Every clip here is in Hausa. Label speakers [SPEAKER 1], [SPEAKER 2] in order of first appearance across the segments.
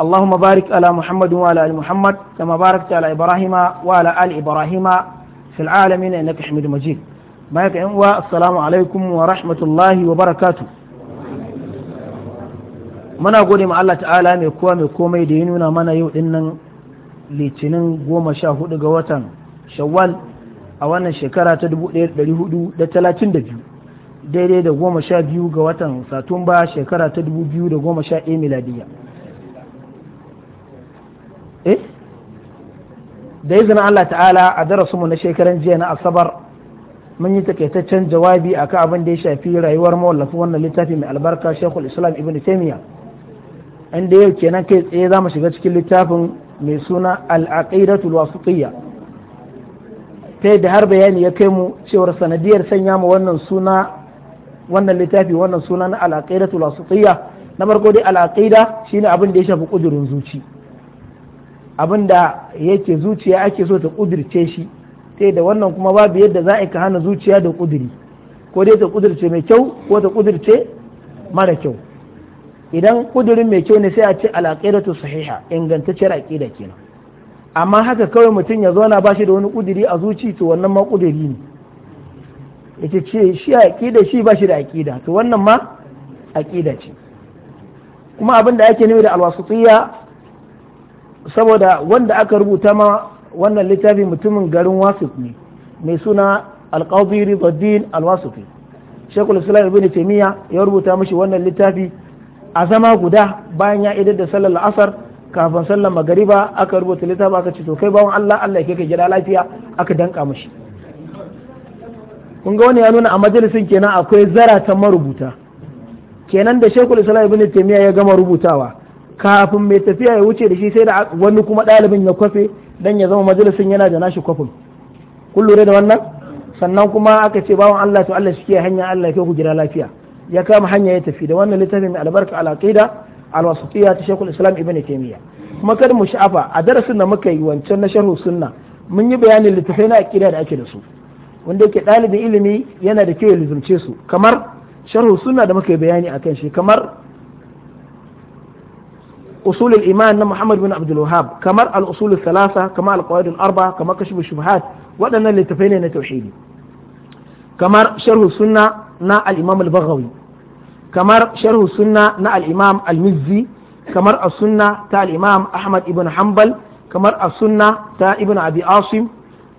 [SPEAKER 1] اللهم بارك على محمد وعلى ال محمد كما باركت على ابراهيم وعلى ال ابراهيم في العالمين انك حميد مجيد بارك ان السلام عليكم ورحمه الله وبركاته منا غودي ma الله تعالى مي كو مي komai دي نونا منا يو yau din nan litinin goma sha ga watan shawwal a wannan shekara ta 1432 daidai da 12 ga watan satumba shekara ta 2011 miladiyya eh da izinin Allah ta'ala a darasinmu na shekaran jiya na asabar mun yi takaitaccen jawabi a ka abin da ya shafi rayuwar mawallafi wannan littafi mai albarka shekul islam ibn taimiya inda yau kenan kai tsaye za mu shiga cikin littafin mai suna al'aqidatul wasiqiyya ta yadda har bayani ya kai mu cewar sanadiyar sanya mu wannan suna wannan littafi wannan suna na al'aqidatul wasiqiyya na farko dai al shine abin da ya shafi kudurin zuci abin da yake zuciya ake so ta kudirce shi sai da wannan kuma babu yadda za a hana zuciya da kudiri ko dai ta kudirce mai kyau ko ta kudirce mara kyau idan kudirin mai kyau ne sai a ce ta sahiha ingantacciyar aƙida kenan amma haka kawai mutum ya zauna ba shi da wani kudiri a zuci to wannan ma kuduri ne yace ce shi aƙida shi ba shi da aƙida to wannan ma aƙida ce kuma abin da ake nufi da alwasitiyya saboda wanda aka rubuta ma wannan littafi mutumin garin wasif ne mai suna alƙawfi ribaddin alwasufi shekul islam ibn taimiyya ya rubuta mashi wannan littafi a zama guda bayan ya idar da sallar la'asar kafin sallar magariba aka rubuta littafi aka ce to kai bawan allah allah ya kai gida lafiya aka danka mashi kun ga wani ya nuna a majalisin kenan akwai zara ta marubuta kenan da shekul islam ibn taimiyya ya gama rubutawa kafin mai tafiya ya wuce da shi sai da wani kuma ɗalibin ya kwafe dan ya zama majalisin yana da nashi kwafin kun da wannan sannan kuma aka ce bawan Allah to Allah shike hanya Allah ya ku gida lafiya ya kama hanya ya tafi da wannan littafin mai albarka al aqida al wasatiyya ta Sheikhul Islam Ibn Taymiyyah kuma kada mu sha'afa a darasin da muka yi wancan na sharhu sunna mun yi bayanin littafai na aqida da ake da su wanda yake ɗalibin ilimi yana da kyau ya lizumce su kamar sharhu sunna da muka yi bayani akan shi kamar usul al-iman na Muhamad bin Abdul Wahhab kamar al-usul al-thalatha kamar al-qawaid arba kamar kashf shubuhat waɗannan littafai ne na tauhidi kamar sharh sunna na al-imam al kamar sharh sunna na al-imam al-mizzi kamar a sunna ta al-imam Ahmad ibn hambal kamar a sunna ta ibn Abi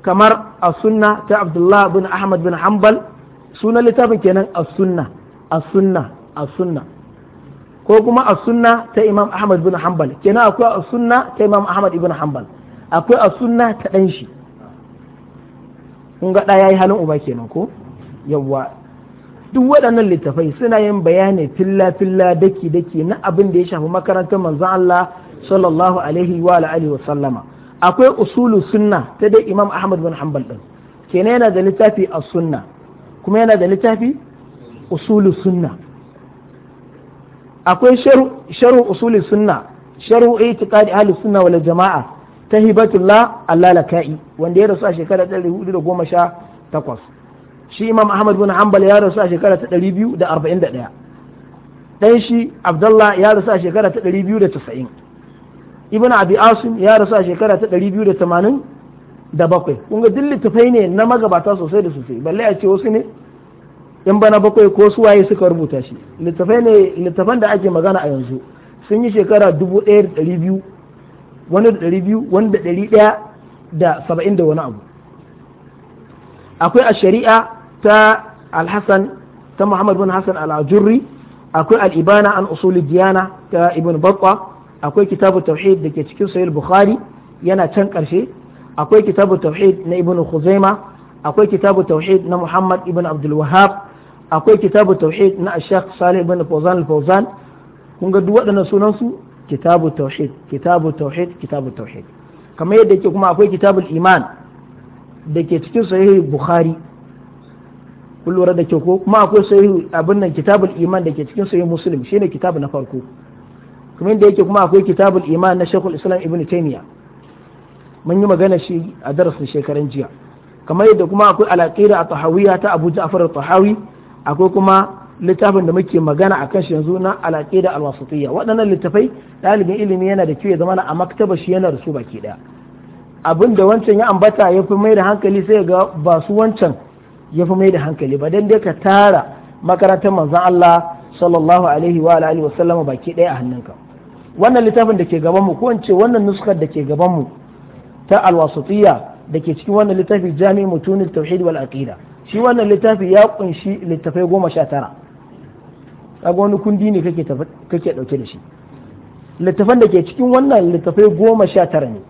[SPEAKER 1] kamar a sunna ta Abdullah bin Ahmad bin hambal sunan littafin kenan a sunna a sunna as-sunna ko kuma a sunna ta imam ahmad ibn hanbal kenan akwai a sunna ta imam ahmad ibn hanbal akwai a sunna ta dan shi kun ga ya yi halin uba kenan ko yawwa duk waɗannan littafai suna yin bayani filla filla daki daki na abin da ya shafi makarantar manzon Allah sallallahu alaihi wa alihi wa sallama akwai usulu sunna ta dai imam ahmad bin hanbal din kenan yana da littafi as sunna kuma yana da littafi usulu sunna akwai sharu usulin sunna sharu itiqadi ahli sunna wal jama'a ta hibatullah allalaka'i wanda ya rasu a shekara 1418 shi imam ahmad bin hanbal ya rasu a shekara ta 241 dan shi abdullah ya rasu a shekara ta 290 ibn abi asim ya rasu a shekara ta 287 kun ga duk littafai ne na magabata sosai da sosai balle a ce wasu ne yan bana bakwai ko su waye suka rubuta shi littafai ne littafan da ake magana a yanzu sun yi shekara dubu ɗaya da ɗari biyu wani da ɗari biyu wani da ɗari ɗaya da saba'in da wani abu akwai a shari'a ta alhassan ta muhammad bin hassan al akwai al-ibana an usuli diyana ta ibn bakwa akwai kitabu tauhid da ke cikin sahih bukhari yana can karshe akwai kitabu tauhid na ibn khuzaima akwai kitabu tauhid na muhammad ibn abdul wahab akwai kitabu tauhid na ashaq salih ibn fawzan fawzan kun ga duk waɗannan sunan su kitabu tauhid kitabu tauhid kitabu tauhid kamar yadda yake kuma akwai kitabul iman da ke cikin sahih bukhari kun lura da ke ko kuma akwai sahih abin nan kitabul iman da ke cikin sahih muslim shine kitabu na farko kamar yadda yake kuma akwai kitabul iman na shaykhul islam ibn taymiya mun yi magana shi a darasin shekaran jiya kamar yadda kuma akwai al-aqida at-tahawiyya ta abu ja'far at-tahawi akwai kuma littafin da muke magana a kan yanzu na alaƙe da alwasatiyya waɗannan littafai ɗalibin ilimi yana da kyau ya zama a maktaba shi yana da su baki ɗaya abin da wancan ya ambata ya fi mai da hankali sai ga ba su wancan ya fi mai da hankali ba dan dai ka tara makarantar manzon Allah sallallahu alaihi wa alihi wa sallama baki ɗaya a hannunka wannan littafin da ke gaban mu ko in wannan nuskar da ke gaban mu ta alwasatiyya da ke cikin wannan littafi jami'u mutunil tauhid wal aqida shi wannan littafi ya kunshi littafai goma sha tara kaga wani kundi ne kake dauke da shi littafan da ke cikin wannan littafai goma sha tara ne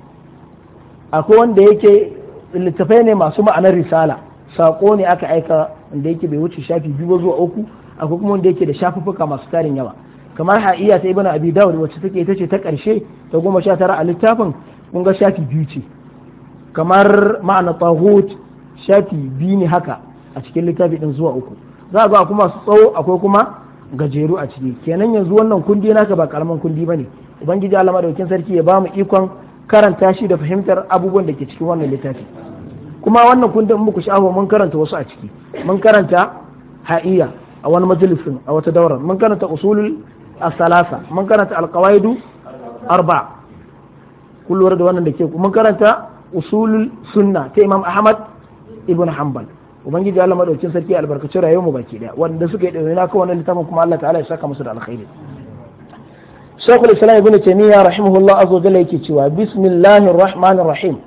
[SPEAKER 1] akwai wanda yake littafai ne masu ma'anar risala sako ne aka aika wanda yake bai wuce shafi biyu zuwa uku akwai kuma wanda yake da shafuffuka masu tarin yawa kamar ha'iya ta ibn abi dawud wacce take ita ce ta karshe ta goma sha tara a littafin kun ga shafi biyu ce kamar ma'ana tahut Shati biyu ne haka a cikin littafi ɗin zuwa uku za a a kuma tsawo akwai kuma gajeru a ciki kenan yanzu wannan kundi naka ba karaman kundi ba bane ubangiji Allah madaukakin sarki ya bamu ikon karanta shi da fahimtar abubuwan da ke cikin wannan littafi kuma wannan kundin muku sha'awa mun karanta wasu a ciki mun karanta ha'iya a wani majalisin a wata daurar mun karanta usulul asalasa mun karanta alqawaidu arba kullum da wannan da ke mun karanta usulul sunna ta imam ahmad ibn hanbal ubangiji Allah madaukakin sarki albarkacin rayuwar mu baki daya wanda suka yi dawo na kan wannan littafin kuma Allah ta'ala ya saka musu da alkhairi Shaykhul Islam Ibn Taymiyyah rahimahullah azza jalla yake cewa bismillahir rahmanir rahim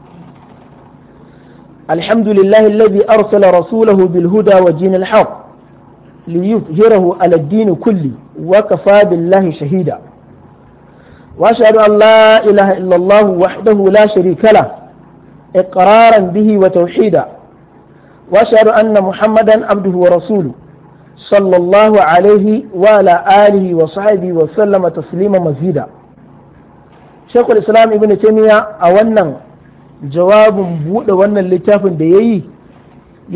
[SPEAKER 1] alhamdulillahi alladhi arsala rasulahu bil huda wa dinil haqq ليظهره على الدين كله وكفى بالله شهيدا واشهد ان لا اله الا الله وحده لا شريك له اقرارا به وتوحيدا واشهد ان محمدا عبده ورسوله صلى الله عليه وعلى اله وصحبه وسلم تسليما مزيدا شيخ الاسلام ابن تيميه اولا جواب بود وانا اللي تافن ديي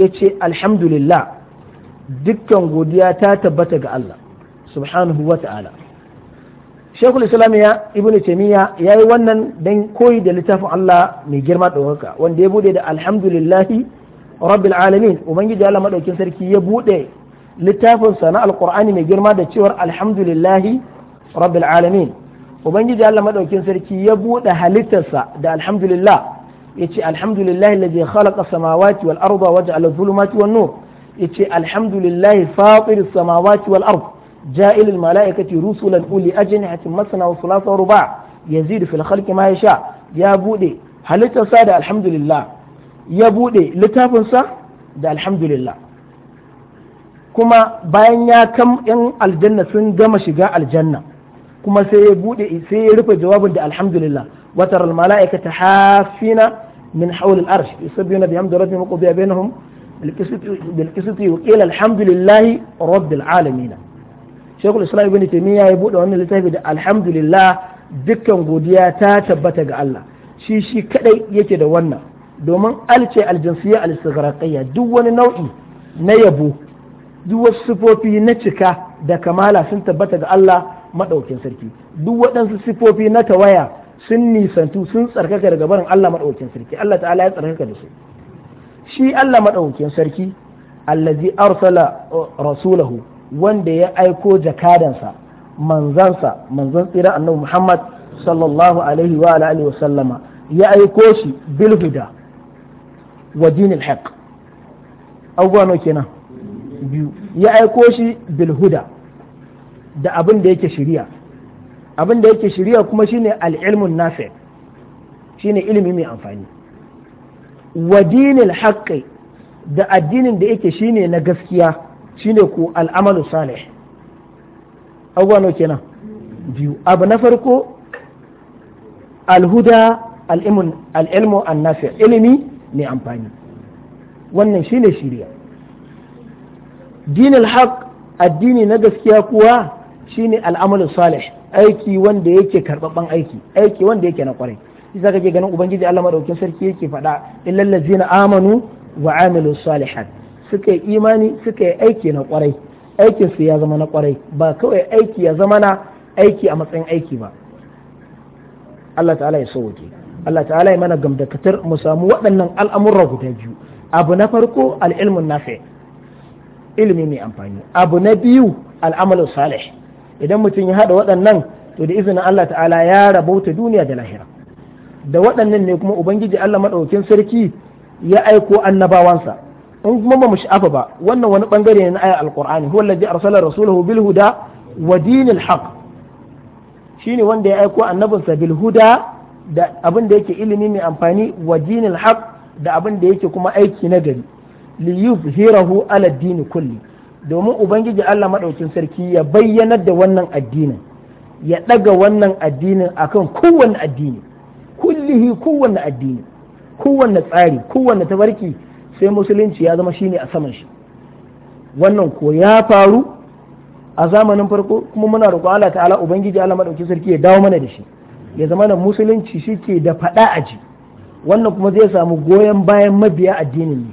[SPEAKER 1] يتشي الحمد لله dukkan godiya ta tabbata ga Allah subhanahu wa ta’ala shekul ibn taimiyya ya yi wannan don koyi da littafin Allah mai girma ɗaukaka wanda ya bude da alhamdulillahi rabbil alamin ubangiji Allah madaukin sarki ya bude littafin sa na alqur'ani mai girma da cewar alhamdulillahi rabbil alamin ubangiji Allah madaukin sarki ya bude halittarsa da alhamdulillah yace alhamdulillahi alladhi khalaqa samawati wal arda wa ja'ala dhulumati wan nur yace alhamdulillahi fatir samawati wal ard جائل الملائكة رسلا أولي أجنحة مثنى وثلاثة ورباع يزيد في الخلق ما يشاء يا بودي هل تصاد da لله ya buɗe littafinsa da alhamdulillah kuma bayan ya kam yan aljanna sun gama shiga aljanna kuma sai ya buɗe sai ya rufe jawabin da alhamdulillah watar almala'ikata hafina min hawl al-arsh yusabbihuna bihamdi rabbihim wa qudiya bainahum بالقسط وقيل الحمد alhamdulillahi rabbil العالمين شيخ islam ibn تيميه ya buɗe wannan littafi da alhamdulillah dukkan godiya ta tabbata ga Allah shi shi kadai yake da wannan domin alce aljinsiyya alistagarakayya duk wani nau'i na yabo duk wasu sifofi na cika da kamala sun tabbata ga Allah maɗaukin sarki duk waɗansu sifofi na tawaya sun nisantu sun tsarkaka daga barin Allah maɗaukin sarki Allah ta'ala ya tsarkaka da su shi Allah maɗaukin sarki allazi arsala uh, rasulahu wanda ya aiko jakadansa manzansa manzan tsira annabi Muhammad sallallahu alaihi wa alihi wa sallama ya aiko shi bil wa dinil haq abubuwa nawa kenan biyu ya aiko shi bil huda da abin da yake shiriya abin da yake shiriya kuma shine al-ilmun nafi shine ilimi mai amfani wa dinil haqqi da addinin da yake shine na gaskiya shine ko al'amalu salih abubuwa nawa kenan biyu abu na farko alhuda al'ilmun, annafi ilimi mai amfani wannan shine shirya dinin haq addini na gaskiya kuwa shine al'amalu salih aiki wanda yake karɓaɓɓen aiki aiki wanda yake na kwarai isa kake ganin ubangiji Allah maɗaukin sarki yake faɗa in illal na amanu wa amilu salihat suka yi imani suka yi aiki na kwarai aikin su ya zama na kwarai ba kawai aiki ya zama na aiki a matsayin aiki ba Allah ta'ala ya so wuce Allah ta'ala ya mana gamdakatar mu samu waɗannan al'amurra guda biyu abu na farko al'ilmun nafi ilimi mai amfani abu na biyu al'amalu salih idan mutum ya haɗa waɗannan to da izinin Allah ta'ala ya rabauta duniya da lahira da waɗannan ne kuma ubangiji Allah maɗaukin sarki ya aiko annabawansa in kuma ba mu sha'afa ba wannan wani bangare ne na ayar alqur'ani huwa allazi arsala rasulahu bil huda wa dinil haqq shine wanda ya aiko annabinsa bil huda da abin da yake ilimi mai amfani wa dinil haq da abin da yake kuma aiki na gari li yuzhirahu ala dini kulli domin ubangiji Allah madaukin sarki ya bayyanar da wannan addinin ya daga wannan addinin akan kowanne addini kullihi kowanne addini kowanne tsari kowanne tabarki sai musulunci ya zama shine a saman shi wannan ko ya faru a zamanin farko kuma muna roƙo Allah ta'ala ubangiji Allah madaukin sarki ya dawo mana da shi ya zama na musulunci shike da faɗa a ji wannan kuma zai samu goyon bayan mabiya addinin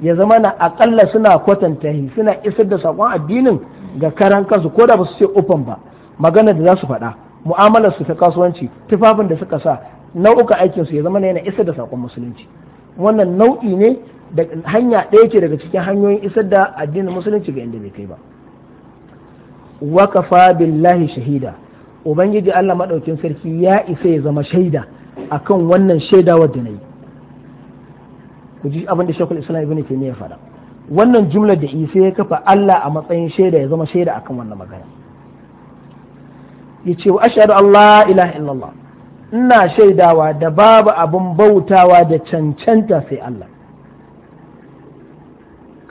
[SPEAKER 1] ne ya zama na akalla suna kwatanta suna isar da sakon addinin ga karan kansu ko da ba su ce open ba magana da za su faɗa mu'amalar su ta kasuwanci tufafin da suka sa nau'uka aikin su ya zama yana isar da sakon musulunci wannan nau'i ne da hanya ɗaya ce daga cikin hanyoyin isar da addinin musulunci ga inda bai kai ba wakafa billahi shahida ubangiji Allah maɗaukin sarki ya isa ya zama shaida akan wannan shaida wadda na yi ku ji abin da shekul islam ibn ya faɗa wannan jumlar da isa ya kafa Allah a matsayin shaida ya zama shaida akan wannan magana yace wa ashhadu Allah ilaha illallah ina shaidawa da babu abin bautawa da cancanta sai Allah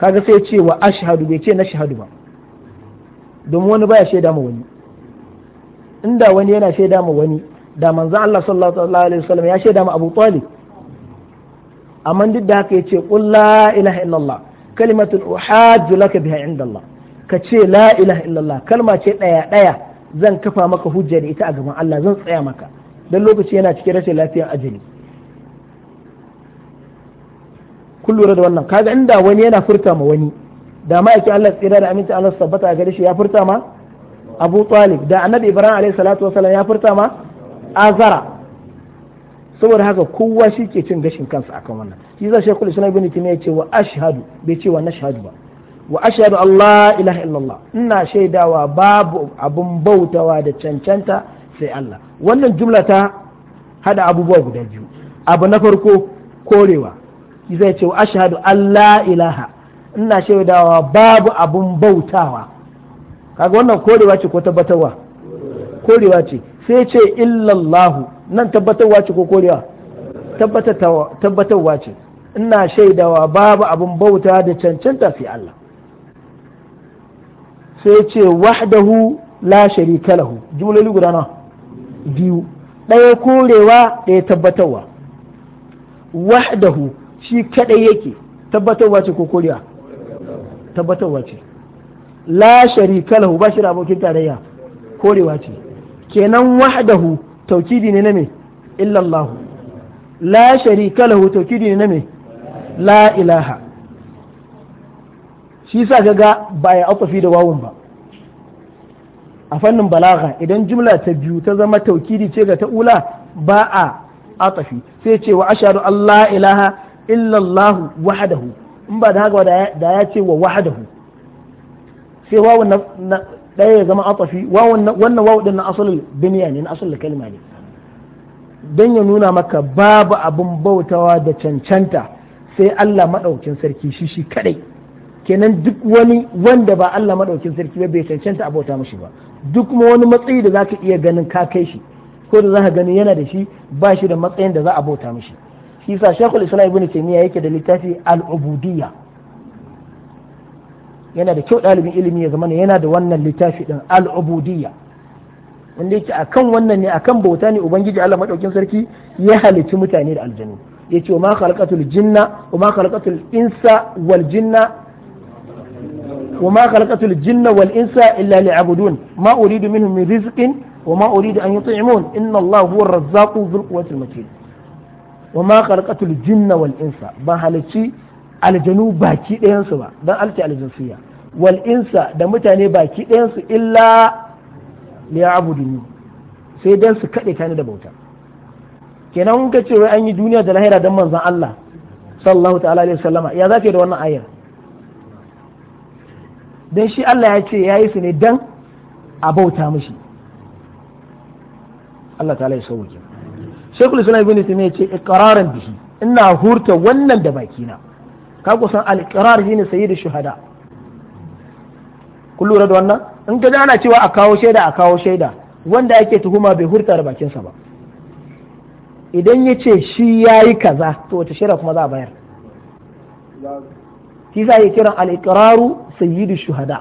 [SPEAKER 1] kaga sai ce wa ashhadu bai ce na shahadu ba domin wani baya shaida ma wani inda wani yana shaida ma wani da manzo Allah sallallahu alaihi wasallam ya shaida ma Abu Talib amma duk da haka yace qul la ilaha illallah kalimatun uhajju laka biha inda Allah ka ce la ilaha illallah kalma ce daya daya zan kafa maka hujja da ita a gaban Allah zan tsaya maka dan lokaci yana cikin rashin lafiyar ajali kun lura da wannan kaga inda wani yana furta ma wani da ma'aikin Allah tsira da aminta Allah sabbata a gare shi ya furta ma abu talib da annabi ibrahim alaihi salatu wasallam ya furta ma azara saboda haka kowa shi ke cin gashin kansa akan wannan shi zai shekul islam ibn timiya ya ce wa ashhadu bai ce wa nashhadu ba wa ashhadu allah ilaha illallah ina shaidawa babu abun bautawa da cancanta sai allah wannan jumla ta hada abubuwa guda biyu abu na farko korewa zai ce wa ashhadu allah ilaha ina shaidawa babu abun bautawa kaga wannan korewa ce ko tabbatarwa korewa ce sai ce illallahu nan tabbatarwa ce ko korewa tabbatarwa ce ina shaidawa babu abin bauta da cancanta fi Allah sai ce wahdahu la sharika lahu jumloli guda nawa biyu ɗaya korewa ɗaya tabbatarwa wahdahu shi kadai yake tabbatarwa ce ko korewa tabbatarwa ce la sharika lahu ba shi da abokin tarayya korewa ce kenan wahdahu tawkidi ne na me illa Allah la sharika lahu tawkidi ne na me la ilaha shi sa kaga ba ya atafi da wawun ba a fannin balaga idan jumla ta biyu ta zama tawkidi ce ga ula ba a atafi sai ce wa ashadu Allah ilaha illallahu wahadahu in ba da haka da ya ce wa wahadahu sai wawu na ɗaya ya zama atafi wannan wawu din na asalul biniya ne na asalul kalma ne don ya nuna maka babu abin bautawa da cancanta sai Allah maɗaukin sarki shi shi kadai kenan duk wani wanda ba Allah maɗaukin sarki bai cancanta a bauta mashi ba duk kuma wani matsayi da zaka iya ganin ka kai shi ko da zaka gani yana da shi ba shi da matsayin da za a bauta mashi shi sa Sheikhul Islam Ibn Taymiyyah yake da littafi al yana da kyau ɗalibin ilimi ya zama yana da wannan littafi ɗin al'ubudiyya wanda yake akan wannan ne akan bauta ne ubangiji Allah madaukin sarki ya halicci mutane da aljanu yace wa ma khalaqatul jinna wa ma khalaqatul insa wal jinna wa ma khalaqatul jinna wal insa illa liya'budun ma uridu minhum min rizqin wa ma uridu an yut'imun inna Allah huwa ar-razzaqu dhul quwwati al-matin wa ma khalaqatul jinna wal insa ba halicci aljanu baki ɗayansu ba dan alti aljinsiyya wal insa da mutane baki ɗayansu illa liya'buduni sai dan su kaɗe ta ni da bauta kenan kun ka ce wai an yi duniya da lahira dan manzon Allah sallallahu ta'ala alaihi wasallama ya zaka da wannan ayar dan shi Allah ya ce yayi su ne dan a bauta mushi Allah ta'ala ya sauke shekul Islam Ibn Taymiyyah ce iqraran bihi ina hurta wannan da bakina ka kusan al-iqrar shine sayyidu shuhada kun lura da wannan in ka da ana cewa a kawo shaida a kawo shaida wanda ake tuhuma bai hurta da bakinsa ba idan ya ce shi ya yi kaza to wata shira kuma za a bayar shi sa ya kiran al-iqraru sayyidu shuhada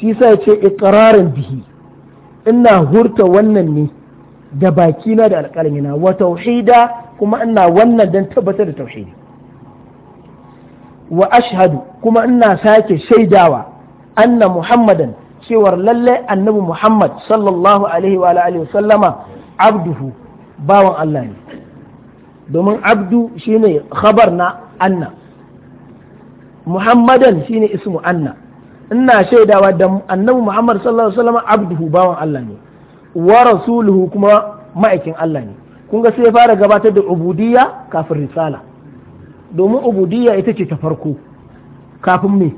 [SPEAKER 1] shi sa ya ce iqrarin bihi ina hurta wannan ne da bakina da alƙalmina wa tauhida kuma ina wannan don tabbatar da tauhidi wa ashhadu kuma ina sake shaidawa anna muhammadan cewar lalle annabi muhammad sallallahu alaihi wa alihi wa sallama abduhu bawan Allah ne domin abdu shine khabar na anna muhammadan shine ismu anna ina shaidawa da annabi muhammad sallallahu alaihi wa sallama abduhu bawan Allah ne wa rasuluhu kuma ma'aikin Allah ne kun ga sai fara gabatar da ubudiyya kafin risala domin ubudiyya ita ce ta farko kafin me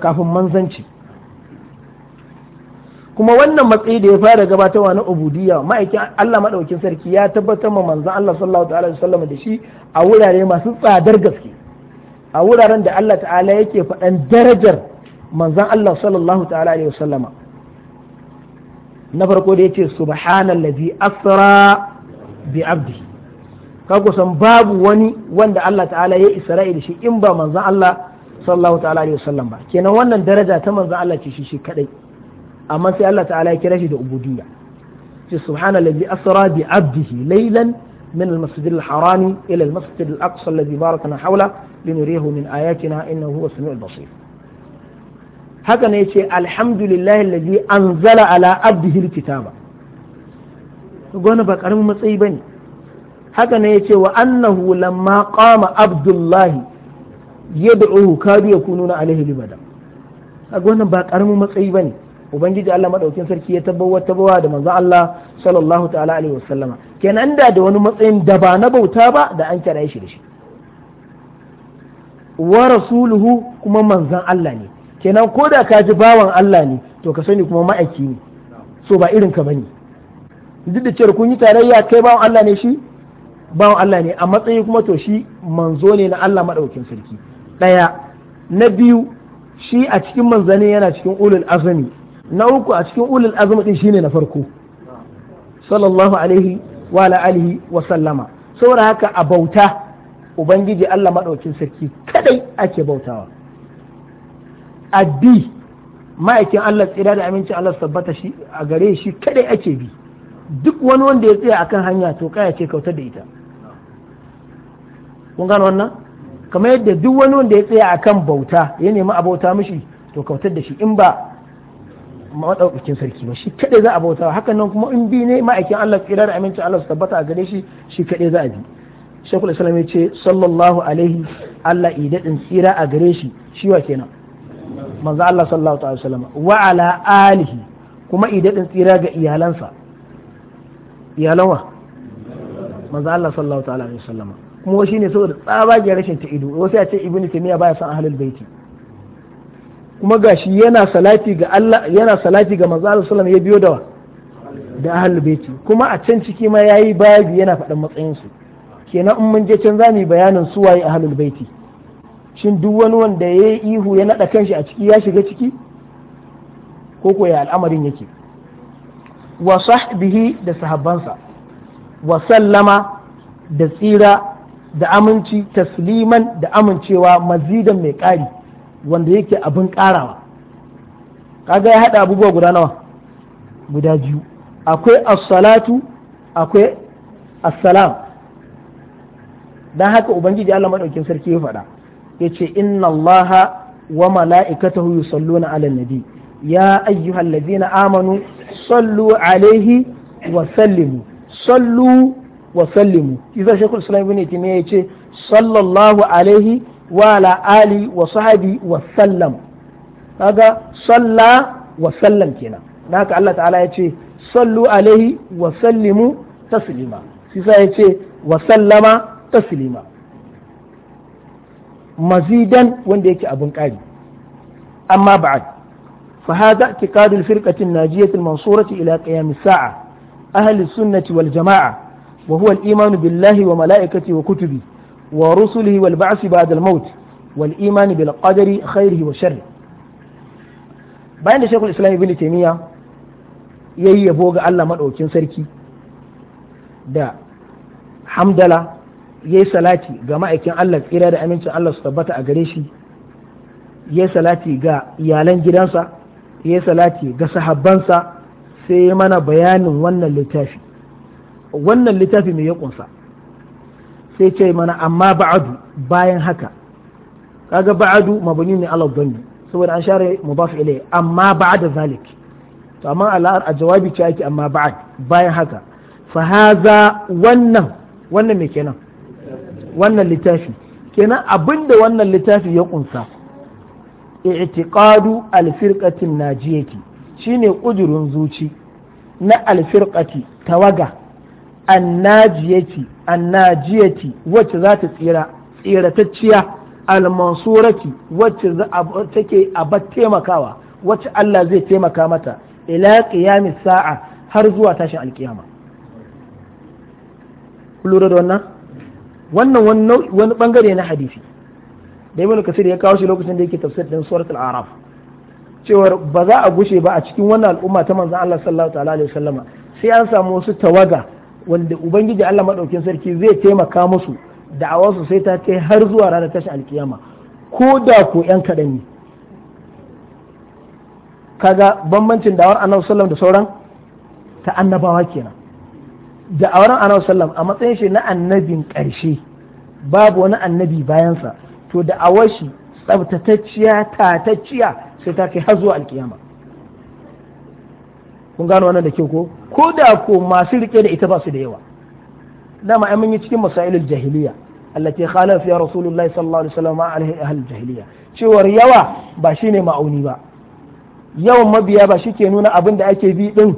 [SPEAKER 1] kafin manzanci kuma wannan matsayi da ya fara gabatarwa na ubudiyya ma'aikin Allah madaukin sarki ya tabbatar ma manzon Allah sallallahu ta'ala wasallam da shi a wurare masu tsadar gaske a wuraren da Allah ta'ala yake faɗan darajar manzon Allah sallallahu ta'ala alaihi na farko da yace subhanallazi asra bi abdi kago san babu wani wanda Allah ta'ala ya isra'i shi in ba manzon Allah sallallahu ta'ala alaihi wasallam ba kenan wannan daraja ta manzo Allah ce shi kadai amma sai Allah ta'ala ya kira shi da ubudiyya shi subhana alladhi asra bi abdihi laylan min al-masjid al-haram ila al-masjid al-aqsa alladhi barakna hawla linurihu min ayatina innahu huwa samiul basir haka ne yace alhamdulillahi alladhi anzala ala abdihi al-kitaba gona ba karamin matsayi bane haka ne yace wa annahu lamma qama abdullahi yad'uhu kadu yakununa alaihi libada kaga wannan ba karamin matsayi bane ubangiji Allah madaukin sarki ya tabbawa tabbawa da manzon Allah sallallahu ta'ala alaihi wasallama kenan da da wani matsayin da ba na bauta ba da an kira shi da shi wa rasuluhu kuma manzon Allah ne kenan ko da ka ji bawan Allah ne to ka sani kuma ma'aiki ne so ba irin ka bane duk da cewa kun yi tarayya kai bawan Allah ne shi bawan Allah ne a matsayi kuma to shi manzo ne na Allah maɗaukin sarki ɗaya na biyu shi a cikin manzanni yana cikin ulul azumi na uku a cikin ulul azumi din shine na farko sallallahu alaihi wa alihi wa sallama saboda haka a bauta ubangiji Allah madaukin sarki kadai ake bautawa addi ma'aikin Allah tsira da aminci Allah tabbata shi a gare shi kadai ake bi duk wani wanda ya tsaya akan hanya to kai ce kautar da ita kun gano wannan kamar yadda duk wani wanda ya tsaya a kan bauta ya nemi a bauta mishi to kautar da shi in ba maɗaukakin sarki ba shi kaɗai za a bauta hakan nan kuma in bi ne ma'aikin Allah tsira da amincin Allah su tabbata a gare shi shi kaɗai za a bi shekul islam ya ce sallallahu alaihi Allah i daɗin tsira a gare shi shi wa kenan manzo Allah sallallahu alaihi wasallam wa ala alihi kuma i daɗin tsira ga iyalansa iyalan wa manzo Allah sallallahu alaihi wasallam kuma shi ne saboda tsabagen rashin ta ido wasu ya ce ibn taymiya baya son ahlul baiti kuma gashi yana salati ga Allah yana salati ga manzo Allah sallallahu ya biyo da da ahlul baiti kuma a can ciki ma yayi bi yana faɗan matsayin su kenan in mun je can zamu bayanin su waye ahlul baiti shin duk wani wanda yayi ihu ya nada kanshi a ciki ya shiga ciki ko ko ya al'amarin yake wa sahbihi da sahabbansa wa sallama da tsira da aminci tasliman da amincewa mazidan mai ƙari wanda yake abin ƙarawa kaga ya haɗa abubuwa guda nawa guda biyu akwai as-salatu akwai as-salam dan haka ubangiji Allah madaukin sarki ya faɗa yace inna allaha wa mala'ikatahu yusalluna ala nabi ya ladina amanu sallu alaihi wa sallimu sallu wa sallimu iza shekul islam ibn taymiya yace sallallahu alaihi wa ala wa sahbi wa sallam kaga salla wa sallam kenan haka Allah ta'ala yace sallu alaihi wa sallimu taslima sisa yace wa sallama taslima mazidan wanda yake abin ƙari amma ba'ad fa hada i'tiqadul firqati an-najiyati al-mansurati ila qiyam as-sa'a ahli sunnati wal jama'a wa وهو الإيمان بالله وملائكته وكتبه ورسله والبعث بعد الموت والإيمان بالقدر خيره وشره bayan da shekul islam ibn taimiyya ya yi yabo ga allah maɗaukin sarki da hamdala ya yi salati ga ma'aikin allah tsira da amincin allah su tabbata a gare shi ya yi salati ga iyalan gidansa ya yi salati ga sahabbansa sai mana bayanin wannan littafi wannan littafi mai ya kunsa sai ce mana amma ba'adu bayan haka kaga ba'adu mabani ne ala dhanni saboda an share mudaf ilai amma ba'da zalik to amma al'ar a jawabi ce ake amma ba'ad bayan haka fa haza wannan wannan me kenan wannan littafi kenan abinda wannan littafi ya kunsa i'tiqadu al-firqati najiyati shine kudurun zuci na alfirƙati tawaga annajiyati annajiyati wacce za ta tsira tsiratacciya almansurati wacce take abar taimakawa wacce Allah zai taimaka mata ila qiyami sa'a har zuwa tashin alkiyama lura da wannan wannan wani bangare na hadisi da ibn kasir ya kawo shi lokacin da yake tafsir din surat al-araf cewar ba za a gushe ba a cikin wannan al'umma ta manzon Allah sallallahu alaihi wasallama sai an samu wasu tawaga wanda ubangiji Allah maɗaukin sarki zai taimaka musu da'awarsu sai ta kai har zuwa ranar tashin alkiyama ko da ko yan kaɗan ne kaga bambancin da'awar annabi sallam da sauran ta annabawa kenan da'awar annabi sallam a matsayin shi na annabin ƙarshe babu wani annabi bayansa to da'awar shi tsabtatacciya tatacciya sai ta kai har zuwa alkiyama kun gano wannan da ke ko ko da ko masu rike da ita ba su da yawa dama ai mun yi cikin masailul jahiliya allati Khalaf ya rasulullahi sallallahu alaihi wasallam alaihi ahlul jahiliya cewar yawa ba shine ma'auni ba yawan mabiya ba shi ke nuna abin da ake bi din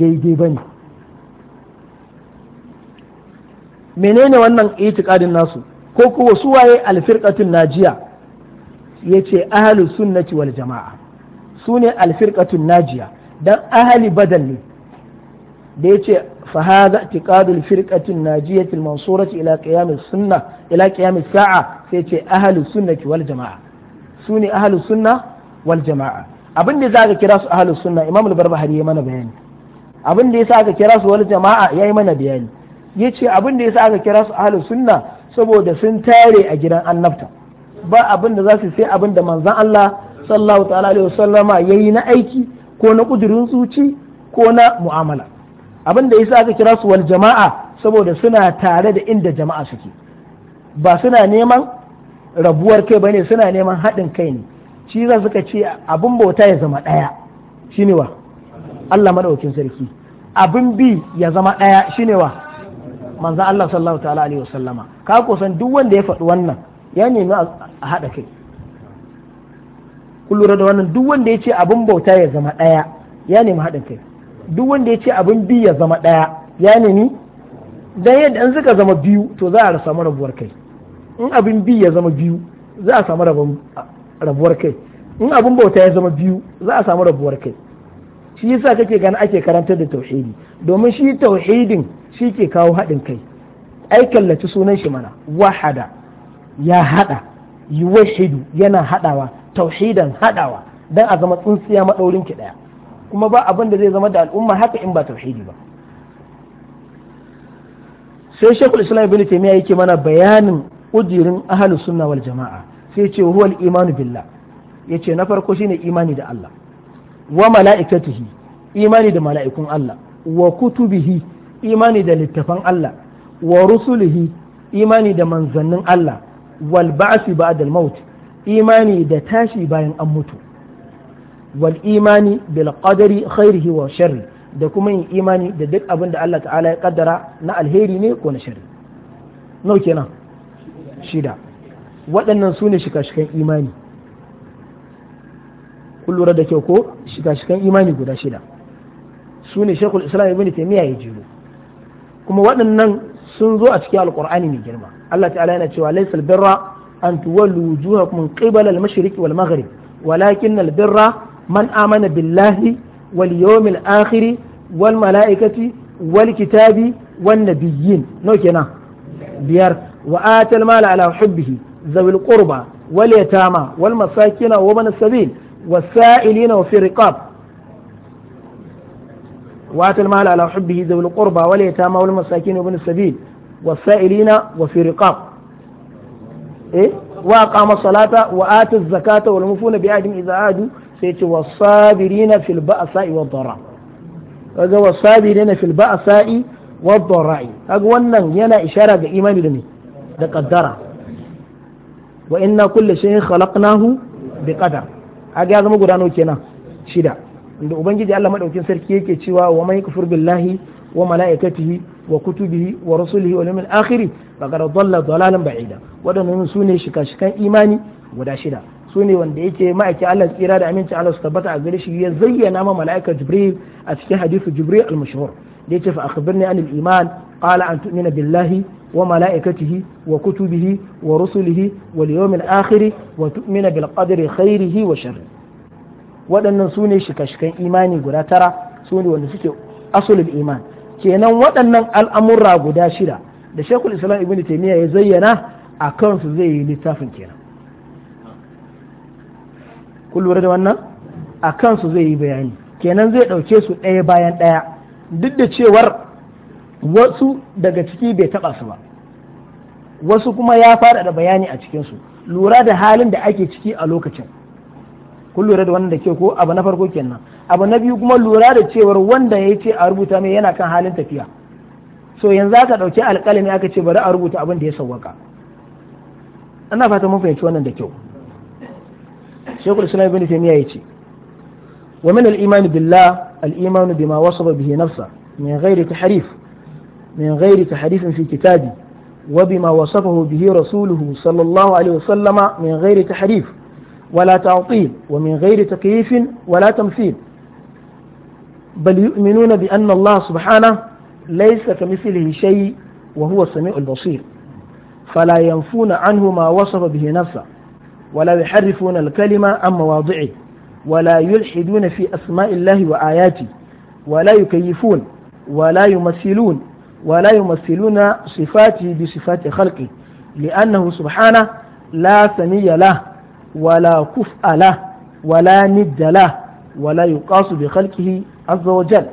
[SPEAKER 1] daidai bane menene wannan itiqadin nasu ko kuwa suwaye alfirqatul najiya yace ahlus sunnati wal jamaa sune alfirqatul najiya dan ahali badal ne da yace fa hadha i'tiqadul firqatin najiyatil mansurati ila qiyamis sunna ila qiyamis sa'a sai yace ahli sunnati wal jamaa su ne ahli sunna wal jamaa abin da zaka kira su ahli sunna imam al-barbahari ya mana bayani abin da yasa aka kira su wal jamaa yayi mana bayani yace abin da yasa aka kira su ahli sunna saboda sun tare a gidan annabta ba abin da za su sai abin da manzon Allah sallallahu ta'ala alaihi wasallama yayi na aiki ko na ƙudurin zuci ko na mu'amala abin da yasa aka kira su wal jama'a saboda suna tare da inda jama'a suke ba suna neman rabuwar kai ba ne, suna neman haɗin kai ne shi za suka ce abin bauta ya zama ɗaya shine wa Allah madaukakin sarki abin bi ya zama ɗaya shine wa manzon Allah sallallahu ta'ala alaihi wasallama ka kusan duk wanda ya faɗi wannan ya nemi a haɗa kai kun lura da wannan duk wanda ya ce abin bauta ya zama ɗaya ya nemi haɗin kai duk wanda ya ce abin bi ya zama ɗaya ya nemi dan yadda an suka zama biyu to za a samu rabuwar kai in abin bi ya zama biyu za a samu rabuwar kai in abin bauta ya zama biyu za a samu rabuwar kai shi yasa kake gani ake karantar da tauhidi domin shi tauhidin shi ke kawo haɗin kai ai kallaci sunan shi mana wahada ya haɗa yi yuwahidu yana haɗawa tauhidan hadawa dan a zama tsintsiya madaurin ki ɗaya kuma ba abin da zai zama da al'umma haka in ba tauhidi ba sai shekul islam ibn taymiya yake mana bayanin ujirin ahlus sunna wal jama'a sai ce huwa al imanu billah yace na farko shine imani da Allah wa mala'ikatihi imani da mala'ikun Allah wa kutubihi imani da littafan Allah wa rusulihi imani da manzannin Allah wal ba'si ba'da al maut imani da tashi bayan an mutu wal imani bil qadari khairihi wa sharri da kuma yin imani da duk abin da Allah ta'ala ya kaddara na alheri ne ko na sharri nau kenan shida waɗannan su ne shika-shikan imani kun lura da kyau ko shika-shikan imani guda shida su ne shekul islam ibn taymiya ya jiro kuma waɗannan sun zo a cikin alƙur'ani mai girma Allah ta'ala yana cewa laysal birra an tuwallu wujuhakum min qibala al-mashriq wal maghrib walakin al-birra man amana billahi wal yawmil akhir wal malaikati wal kitabi wan nabiyyin no kenan biyar wa atal mala ala qurba والسائلين وفي رقاب وآتى المال على حبه ذوي القربى واليتامى والمساكين السبيل والسائلين وفي رقاب eh wa qama salata wa atu zakata wal mufuna bi ahdim idza adu sai ce wasabirina fil ba'sa'i wad dara kaga wasabirina fil ba'sa'i wad dara'i kaga wannan yana ishara ga imani da me da qaddara wa inna kulli shay'in khalaqnahu bi qadar kaga ya zama gudano kenan shida inda ubangiji Allah madaukin sarki yake cewa wa man yakfur billahi wa malaikatihi wa kutubihi wa rusulihi wal yawmil akhir faqad dalla ba'ida wadannan su ne shika-shikan imani guda shida su ne wanda yake ma'aikin Allah tsira da aminci Allah su tabbata a gare shi ya zayyana ma mala'ika Jibril a cikin hadisu Jibril al-mashhur da yake fa akhbirni anil iman qala an tu'mina billahi wa mala'ikatihi wa kutubihi wa rusulihi wal yawmil akiri wa tu'mina bil qadri wa sharri waɗannan su ne shika-shikan imani guda tara su ne wanda suke iman kenan waɗannan al'amura guda shida da shekul islam ibn taymiya ya zayyana a kansu zai yi littafin kenan kun lura da wannan a kansu zai yi bayani kenan zai ɗauke su ɗaya bayan ɗaya duk da cewar wasu daga ciki bai taɓa su ba wasu kuma ya fara da bayani a cikinsu lura da halin da ake ciki a lokacin kun lura da wannan da ke ko abu na farko kenan abu na biyu kuma lura da cewar wanda ya ce a rubuta mai yana kan halin tafiya so yanzu aka ɗauki alƙalami aka ce bari a rubuta abin da ya sawwaka ana fata mun fahimci wannan da kyau shekul islam ibn taymiya yace wa min al-iman billah al-iman bima wasaba bihi nafsa min ghairi tahrif min ghairi tahrif fi kitabi wa bima wasafahu bihi rasuluhu sallallahu alaihi wasallama min ghairi tahrif ولا تعطيل ومن غير تكييف ولا تمثيل بل يؤمنون بأن الله سبحانه ليس كمثله شيء وهو السميع البصير فلا ينفون عنه ما وصف به نفسه ولا يحرفون الكلمة عن مواضعه ولا يلحدون في أسماء الله وآياته ولا يكيفون ولا يمثلون ولا يمثلون صفاته بصفات خلقه لأنه سبحانه لا سمي له ولا كفء له ولا ند له ولا يقاس بخلقه عز وجل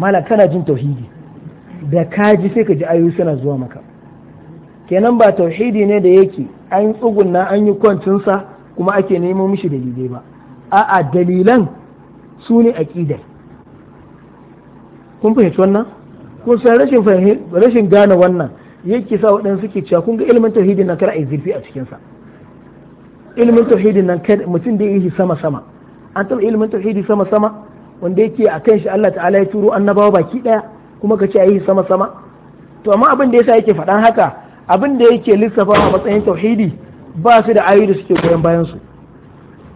[SPEAKER 1] mala kana jin tauhidi da ka ji sai ka ji ayu suna zuwa maka kenan ba tauhidi ne da yake an yi tsugunna an yi kwancinsa kuma ake nemo mishi dalilai ba a'a dalilan su ne aƙidar kun fahimci wannan kun san rashin rashin gane wannan yake sa waɗansu suke cewa kun ga ilimin tauhidin nan kar a yi zurfi a cikinsa ilimin tauhidin nan mutum da yi sama sama an taɓa ilimin tauhidi sama sama wanda yake a kan shi Allah ta'ala ya turo annabawa baki daya kuma ka ce a yi sama sama to amma abin da yasa yake faɗan haka abin da yake lissafa a matsayin tauhidi ba su da ayoyi suke goyon bayan su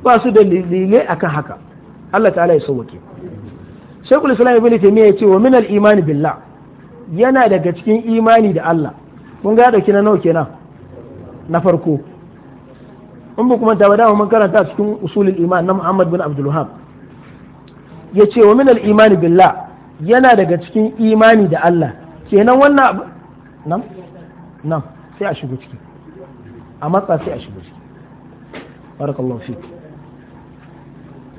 [SPEAKER 1] ba su da lile akan haka Allah ta'ala ya sauwake Shaykhul Islam Ibn Taymiyyah ya wa min al-iman billah yana daga cikin imani da Allah kun ga dauki na nawa kenan na farko in ba kuma ta mun karanta cikin usulul iman na Muhammad bin Abdul Wahhab ya ce wa minal imani billah yana daga cikin imani da Allah kenan wannan abu nan nan sai a shigo ciki a matsa sai a shigo ciki barakallahu fi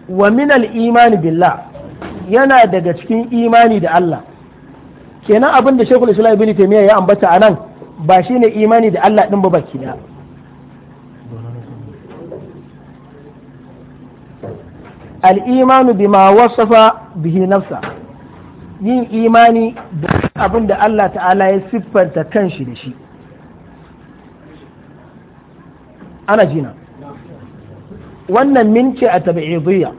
[SPEAKER 1] wa minal imani billah yana daga cikin imani da Allah kenan abin da shekul islam ibn taymiya ya ambata anan ba shine imani da Allah din ba baki da al'imanu bima wasafa bihi nafsa yin imani da abin da Allah ta'ala ya siffanta kanshi da shi ana jina wannan mince a tabi'idiyya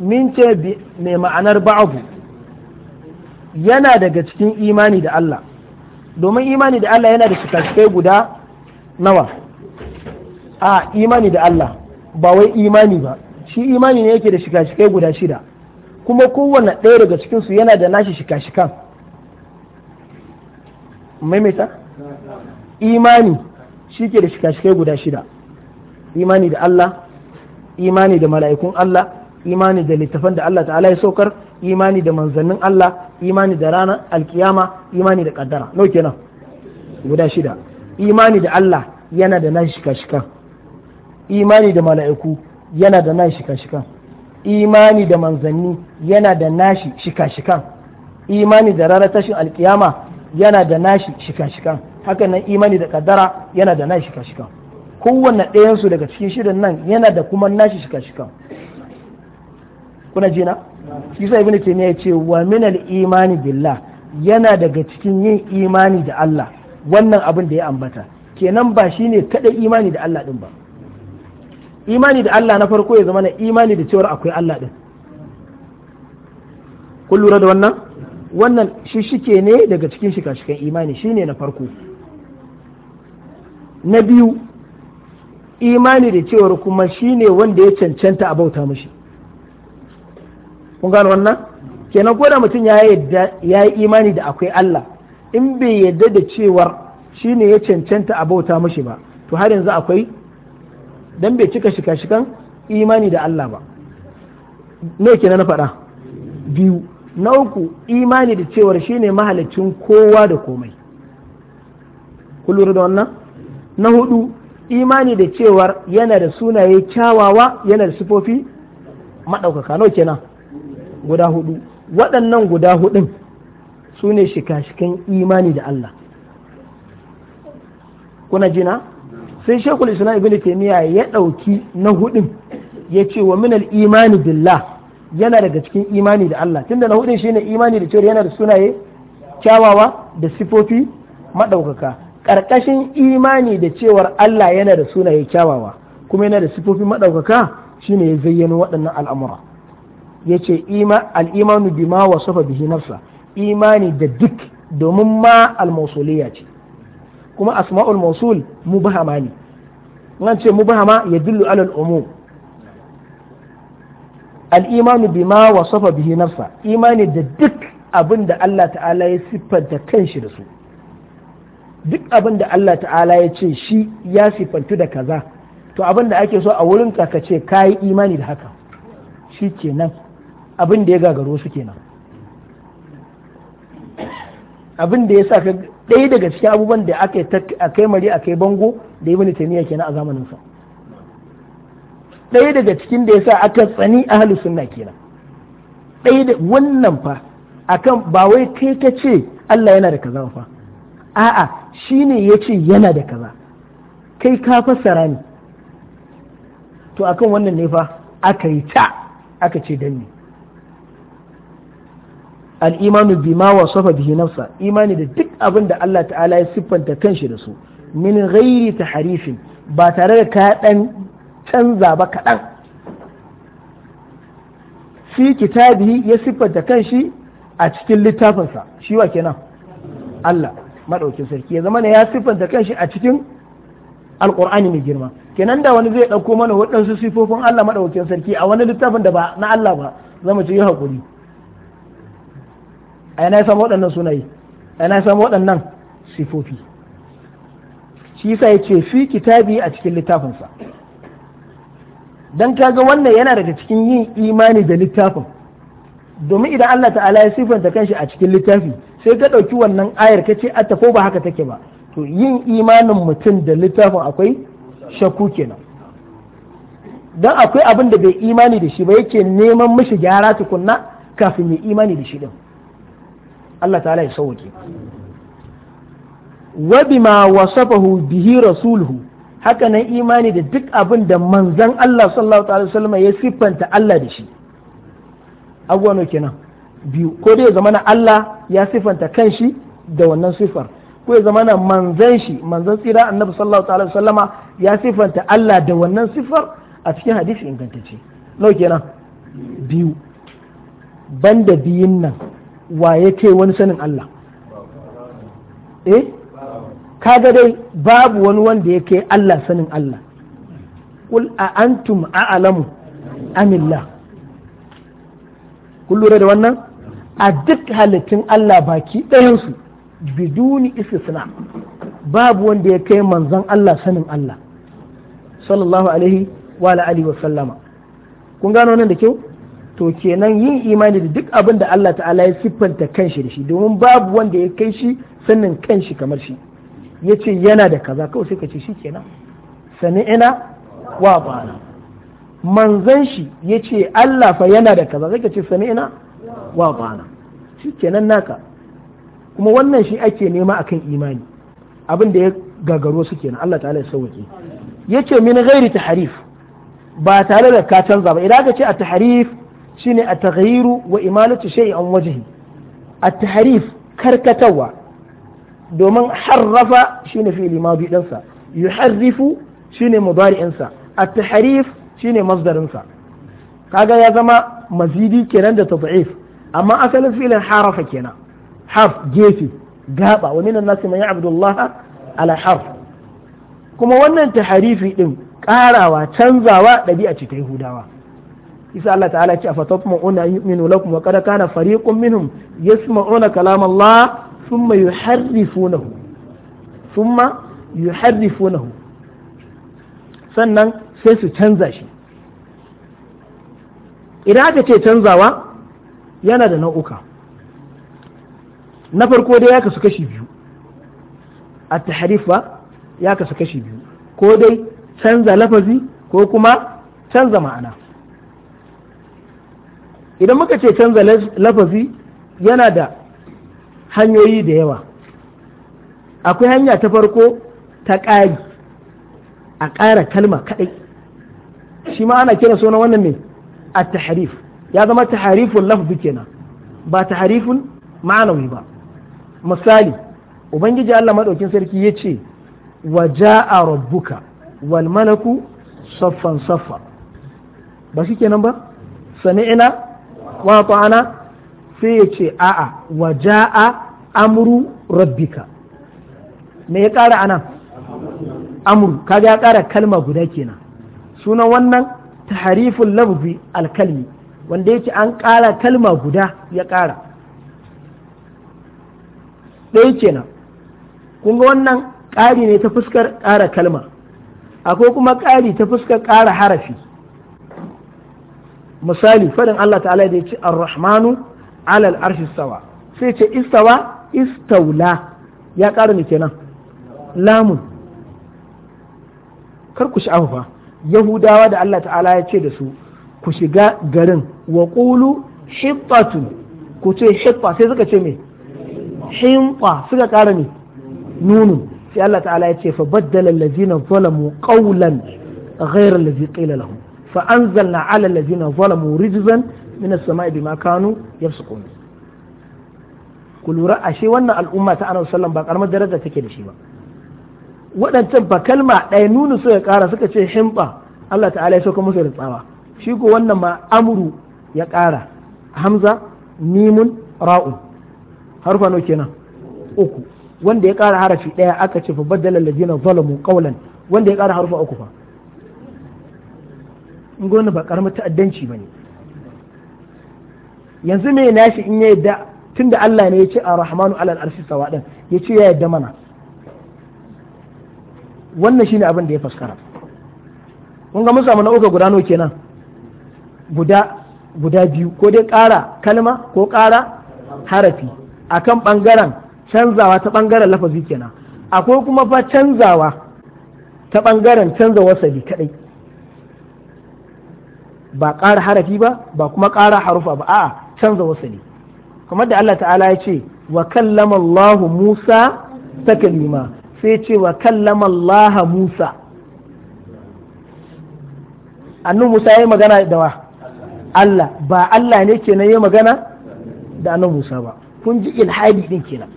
[SPEAKER 1] mince mai ma'anar ba'abu yana daga cikin imani da Allah domin imani da Allah yana da shikaskai guda nawa a imani da Allah ba wai imani ba shi imani ne yake da shika-shikai guda shida kuma kowanne ɗaya daga cikinsu yana da nashi shika-shikan maimaita imani shi ke da shika-shikai guda shida imani da Allah imani da mala'ikun Allah imani da littafan da Allah ta'ala ya saukar imani da manzannin Allah imani da ranar alkiyama imani da kaddara nau kenan guda shida imani da Allah yana da nashi shika-shikan imani da mala'iku yana da nashi shika-shikan imani da manzanni yana da nashi shika-shikan imani da ranar tashin alkiyama yana da nashi shika-shikan haka nan imani da kaddara yana da nashi shika-shikan kowanne ɗayansu daga cikin shirin nan yana da kuma nashi shika-shikan kuna jina isa ibn taymiya ya ce wa min al imani billah yana daga cikin yin imani da Allah wannan abin da ya ambata kenan ba shine kada imani da Allah din ba imani da Allah na farko ya zama na imani da cewar akwai Allah din kun lura da wannan wannan shi shike ne daga cikin shika-shikan imani shine na farko na biyu imani da cewar kuma shine wanda ya cancanta a bauta mashi kun gano wannan kenan ko da mutum ya yi imani da akwai Allah in bai yadda da cewar shine ya cancanta a bauta mashi ba to har yanzu akwai dan bai cika shika-shikan imani da Allah ba me ke na faɗa biyu na uku imani da cewar shine mahalicin kowa da komai kun lura da wannan na hudu imani da cewar yana da sunaye kyawawa yana da sifofi maɗaukaka nawa kenan guda hudu waɗannan guda hudun su ne shika-shikan imani da Allah kuna jina sai shekul islam ibn taymiya ya ɗauki na hudun ya ce wa minal imani billah yana daga cikin imani da Allah tunda na hudun shine imani da cewa yana da sunaye kyawawa da sifofi maɗaukaka ƙarƙashin imani da cewar Allah yana da sunaye kyawawa kuma yana da sifofi maɗaukaka shine ya zayyano waɗannan al'amura ya ce al'imanu bima wasafa bihi nafsa imani da duk domin ma al ce kuma asma'ul mausul mubahama ne an ce mubahama ya dillu alal umum al-imanu bima wasafa bihi nafsa imani da duk abin da Allah ta'ala ya siffanta kanshi da su duk abin da Allah ta'ala ya ce shi ya siffantu da kaza to abin da ake so a wurin ka ce imani da haka shi kenan abin da ya gagaro su kenan abin da ya sa ɗaya daga cikin abubuwan da aka a kai mari a kai bango da ibn taymiya kenan a zamanin sa ɗaya daga cikin da yasa aka tsani ahlus sunna kenan ɗaya da wannan fa akan ba wai kai ka ce Allah yana da kaza fa a'a shine yace yana da kaza kai ka fassara ni to akan wannan ne fa aka yi ta aka ce danni al-imanu bima wasafa bihi nafsa imani da duk abin da Allah ta'ala ya siffanta kanshi da su min ta taharifin ba tare da ka dan canza ba kaɗan fi kitabi ya siffanta kanshi a cikin littafinsa shi wa kenan Allah maɗaukin sarki ya zama ne ya siffanta kanshi a cikin alƙur'ani mai girma kenan da wani zai ɗauko mana waɗansu sifofin Allah maɗaukin sarki a wani littafin da ba na Allah ba zama ce yi haƙuri ai na samu waɗannan sunaye ai na samu waɗannan sifofi shi yasa ya ce fi kitabi a cikin littafinsa dan kaga wannan yana daga cikin yin imani da littafin domin idan Allah ta'ala ya sifanta kanshi a cikin littafi sai ka ɗauki wannan ayar ka ce atta ba haka take ba to yin imanin mutum da littafin akwai shakku kenan dan akwai abin da bai imani da shi ba yake neman mishi gyara tukunna kafin ya imani da shi din Allah ta ya sauke wa bima wasafahu bihi rasuluhu haka nan imani da duk abin da manzan Allah sallallahu alaihi wasallam ya siffanta Allah da shi abuwa no kenan biyu ko dai zama na Allah ya siffanta kan shi da wannan siffar ko ya zama na manzan shi manzan tsira annabi sallallahu alaihi wasallama ya siffanta Allah da wannan siffar a cikin hadisi ingantacce Nau kenan biyu banda biyun nan wa ya ce wani sanin Allah eh kaga dai babu wani wanda ya kai Allah sanin Allah kul a antum a'lamu amillah kun lura da wannan a duk halittun Allah baki ɗayansu biduni istisna babu wanda ya kai manzan Allah sanin Allah sallallahu alaihi wa alihi wa sallama kun gano nan da kyau to kenan yin imani da duk abin da Allah ta'ala ya siffanta kanshi da shi domin babu wanda ya kai shi sannin kanshi kamar shi ya ce yana da kaza kawai sai ka ce shi kenan sani ina wa bana manzan shi ya ce Allah fa yana da kaza sai ka ce sani ina wa bana shi kenan naka kuma wannan shi ake nema akan imani abin da ya gagaro su kenan Allah ta'ala ya sauke yace min ghairi tahrif ba tare da ka canza ba idan ka ce a tahrif shine a taghayyiru wa imalatu shay'in an wajhi a tahrif karkatawa domin harrafa shine fi'li madi din sa yuharrifu shine mudari'in sa at tahrif shine masdarin sa kaga ya zama mazidi kenan da tad'if amma asalin fi'lin harafa kenan harf gefe gaba wa minan nasi man ya'budu Allah ala harf kuma wannan tahrifi din karawa canzawa ɗabi'a ce ta Yahudawa isa Allah ta'ala ce a afatatma'una an yu'minu lakum wa qad kana fariqun minhum yasma'una kalam Allah thumma yuharrifunahu thumma yuharrifunahu sannan sai su canza shi idan aka ce canzawa yana da nau'uka na farko dai ya kasu kashi biyu a taharifa ya kasu kashi biyu ko dai canza lafazi ko kuma canza ma'ana idan muka ce canza lafazi yana da hanyoyi da yawa akwai hanya ta farko ta ƙari a ƙara kalma kaɗai shi ma ana kira suna wannan ne a taharif ya zama taharifun lafazi kenan ba taharifun ma'anawi ba misali ubangiji Allah maɗaukin sarki ya ce wa ja'a rabbuka wal malaku saffan saffa ba shi kenan ba ina. wa ta'ana sai ya ce a'a wa ja'a amru rabbika me ya kara anan amru kaga ya kara kalma guda kenan sunan wannan tahariful lafzi alkalmi wanda yake an kara kalma guda ya kara ɗaya kenan kun ga wannan ƙari ne ta fuskar ƙara kalma akwai kuma ƙari ta fuskar ƙara harafi misali faɗin Allah ta'ala da ya ce ar-rahmanu alal arshi sawa sai ce istawa istaula ya ƙara ne kenan lamun kar ku sha'afa fa yahudawa da Allah ta'ala ya ce da su ku shiga garin wa ƙulu hittatu ku ce shimfa sai suka ce me himpa suka ƙara ne nunu sai Allah ta'ala ya ce fa baddala lazina zalamu qawlan ghayra allazi qila lahum fa anzalna ala allazina zalamu rijzan min as-sama'i bima kanu yafsukun ku lura ashe wannan al'umma ta annabi sallallahu ba karamar daraja take da shi ba waɗancan ba kalma ɗaya so ya ƙara suka ce himba Allah ta'ala ya sauka musu da tsawa shi ko wannan ma amuru ya ƙara hamza nimun ra'u harfa no kenan uku wanda ya ƙara harafi ɗaya aka ce fa a allazina zalamu qawlan wanda ya ƙara harfa uku fa in gona ba karamar ta'addanci ba ne yanzu mai nashi in ya yadda tun da Allah ne ya ce a rahmanu alal arshi sawa ya ce ya yadda mana wannan shine abin da ya faskara kun ga mun samu nau'uka guda nawa kenan guda biyu ko dai ƙara kalma ko ƙara harafi akan bangaren canzawa ta ɓangaren lafazi kenan akwai kuma fa canzawa ta bangaren canza wasali kaɗai ba ƙara harafi ba ba kuma ƙara harufa ba a'a canza wasali kamar da Allah ta'ala ya ce wa kallama Allah Musa taklima sai ce wa kallama Allah Musa annu Musa ya yi magana da wa Allah ba Allah ne kenan ya magana da annu Musa ba kun ji ilhadi din kenan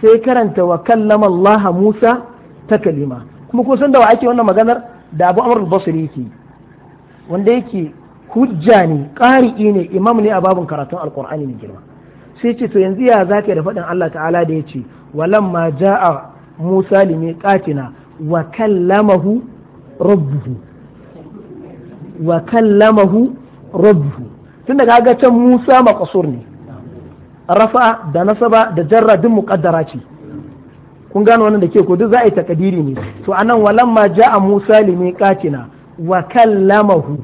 [SPEAKER 1] sai karanta wa kallama Allah Musa taklima kuma kun san da wa ake wannan maganar da Abu Amr al-Basri yake wanda yake hujja ne ƙari'i ne imam ne a babin karatun alkur'ani ne girma sai ce to yanzu ya zaka da faɗin Allah ta'ala da ya ce ja ja'a musa limi qatina wa kallamahu rabbuhu wa kallamahu rabbuhu tun daga ga can musa maƙasur ne rafa da nasaba da jarra duk muqaddara ce kun gano wannan da ke ko duk za a yi takadiri ne to anan ja a musa limi qatina wa kallamahu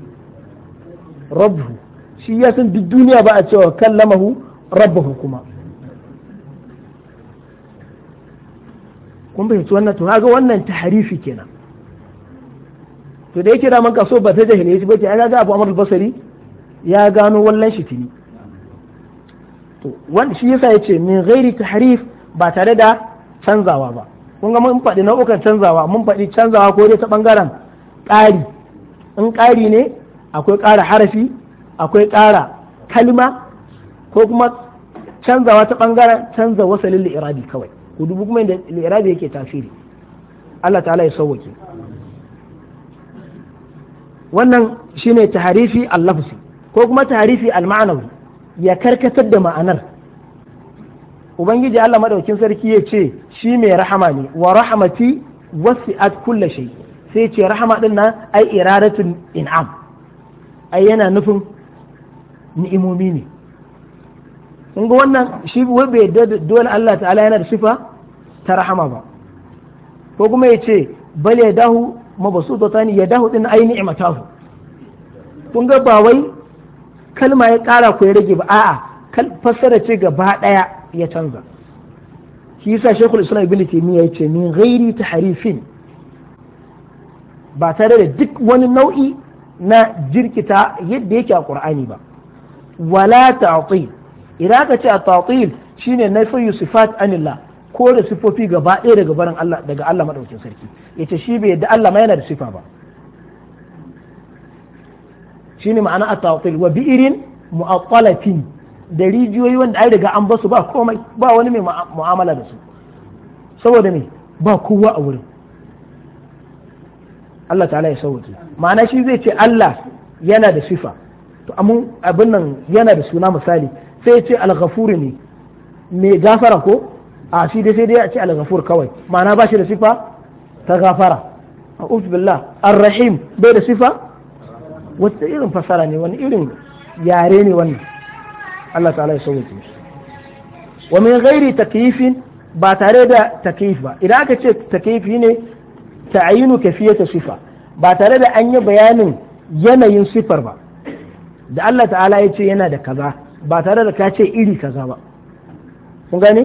[SPEAKER 1] rabbuhu shi ya san duk duniya ba a cewa kallamahu rabbuhu kuma kun fahimci wannan to kaga wannan tahrifi kenan to da yake da man kaso ba ta jahiliya ba ce ai kaga Abu Amr al-Basri ya gano wallan shi tini to wannan shi yasa yace min ghairi tahrif ba tare da canzawa ba kun ga mun faɗi nau'ukan canzawa mun faɗi canzawa ko dai ta bangaren ƙari in ƙari ne akwai ƙara harafi akwai ƙara kalma ko kuma canzawa ta ɓangaren canza wasalin li'irabi kawai ku dubu kuma da li'irabi yake tasiri Allah ta'ala ya sauwake wannan shine taharifi al-lafzi ko kuma taharifi al-ma'anawi ya karkatar da ma'anar ubangiji Allah madaukin sarki ya ce shi mai rahama ne wa rahamati wasi'at kulla shay sai ce rahama din nan ai iraratun in'am ai yana nufin ni'imomi ne In ga wannan shi wai bai yadda dole Allah ta'ala yana da sifa ta rahama ba ko kuma ya ce bal ya dahu ni ya dahu din ai hu kun ga ba wai kalma ya kara ko ya rage ba a'a fassara ce gaba daya ya canza shi yasa shekul islam ibn taymiya yace min ghairi tahrifin ba tare da duk wani nau'i na jirkita yadda yake a ƙur'ani ba wala ta'til idan ka ce a ta'til shine nafiyu sifat anillah ko da sifofi gaba ɗaya daga barin Allah daga Allah madaukakin sarki yace shi bai yadda Allah ma yana da sifa ba shine ma'ana a ta'til wa bi'irin mu'attalatin da rijiyoyi wanda ai daga an basu ba komai ba wani mai mu'amala da su saboda me ba kowa a wurin Allah ta'ala ya sauke ma'ana shi zai ce Allah yana da sifa to amun abin nan yana da suna misali sai ya ce al-ghafur ne mai gafara ko a shi dai sai dai ya ce al-ghafur kawai ma'ana ba shi da sifa ta gafara a'udhu billah ar-rahim bai da sifa wata irin fasara ne wani irin yare ne wannan Allah ta'ala ya sauke wa min ghairi takyifin ba tare da takyif ba idan aka ce takyifi ne ta'ayinu kafiyata sifa ba tare da an yi bayanin yanayin sifar ba da Allah ta'ala ya ce yana da kaza ba tare da ka ce iri kaza ba kun gane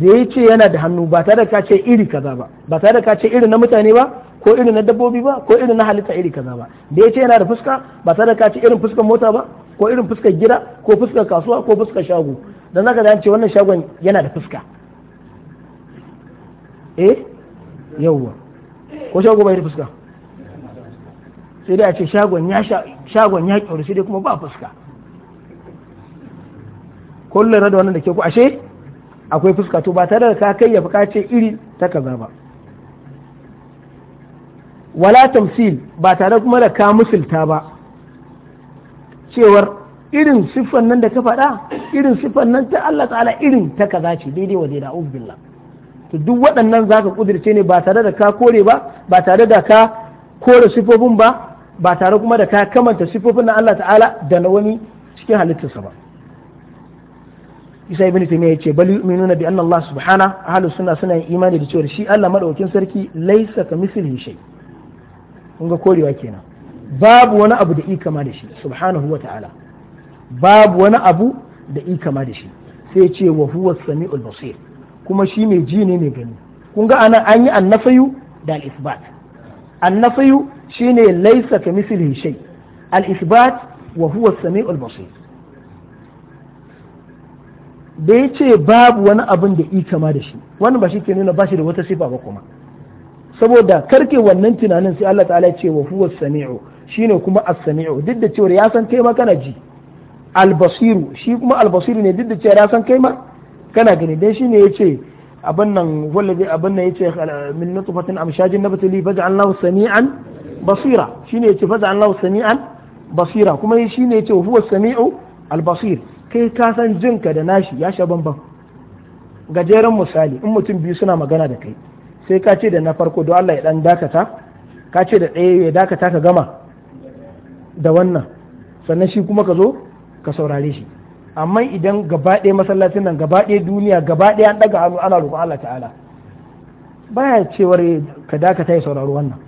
[SPEAKER 1] da ya ce yana da hannu ba tare da ka ce iri kaza ba ba tare da ka ce iri na mutane ba ko iri na dabbobi ba ko iri na halitta iri kaza ba da ya ce yana da fuska ba tare da ka ce irin fuskar mota ba ko irin fuskar gida ko fuskar kasuwa ko fuskar shago dan zaka da ce wannan shagon yana da fuska eh yawwa ko shago bai da fuska sai dai a ce shagon ya kyauri sai dai kuma ba fuska kullum rada da wannan da ke ku ashe akwai fuska to ba tare da ka kai ya buka ce iri ta kaza ba wala tamsil ba tare kuma da ka musulta ba cewar irin siffan nan da ka faɗa irin siffan nan ta Allah ta'ala irin ta kaza ce daidai wa daidai a'udhu billah to duk waɗannan za ka ƙudirce ne ba tare da ka kore ba ba tare da ka kore sifofin ba ba tare kuma da ka kamanta sifofin na Allah ta'ala da na wani cikin halittarsa ba isa ibn taymiya yace bal yu'minuna bi anna Allah subhana ahlu sunna suna yin imani da cewa shi Allah madaukakin sarki laysa kamithlihi shay kun ga korewa kenan babu wani abu da i kama da shi subhanahu wa ta'ala babu wani abu da i kama da shi sai ce wa huwa samiul basir kuma shi mai ji ne mai gani kun ga anan an yi annafayu da al-isbat annafayu shine laisa ka mislihi shay al-isbat wa huwa as-sami'ul basir da ya ce babu wani abin da ika ma da shi wani ba shi ke nuna ba shi da wata sifa ba kuma saboda karke wannan tunanin sai Allah ta'ala ce wa huwa sami'u shine kuma as-sami'u duk da cewa ya san kai ma kana ji al-basiru shi kuma al-basiru ne duk da cewa ya san kai ma kana gani dai shine yace abin nan wallazi abin nan yace min nutfatin amshajin nabtali faj'alnahu sami'an basira shine yace faj'alnahu sami'an basira kuma shine yace huwa sami'u albasir kai ka san jinka da nashi ya sha bamban gajeren misali in mutum biyu suna magana da kai sai ka ce da na farko don Allah ya dan dakata ka ce da ɗaya ya dakata ka gama da wannan sannan shi kuma ka zo ka saurare shi amma idan gaba ɗaya masallacin nan gaba ɗaya duniya gaba ɗaya an ɗaga hannu ana roƙon Allah ta'ala baya cewar ka dakata ya sauraro wannan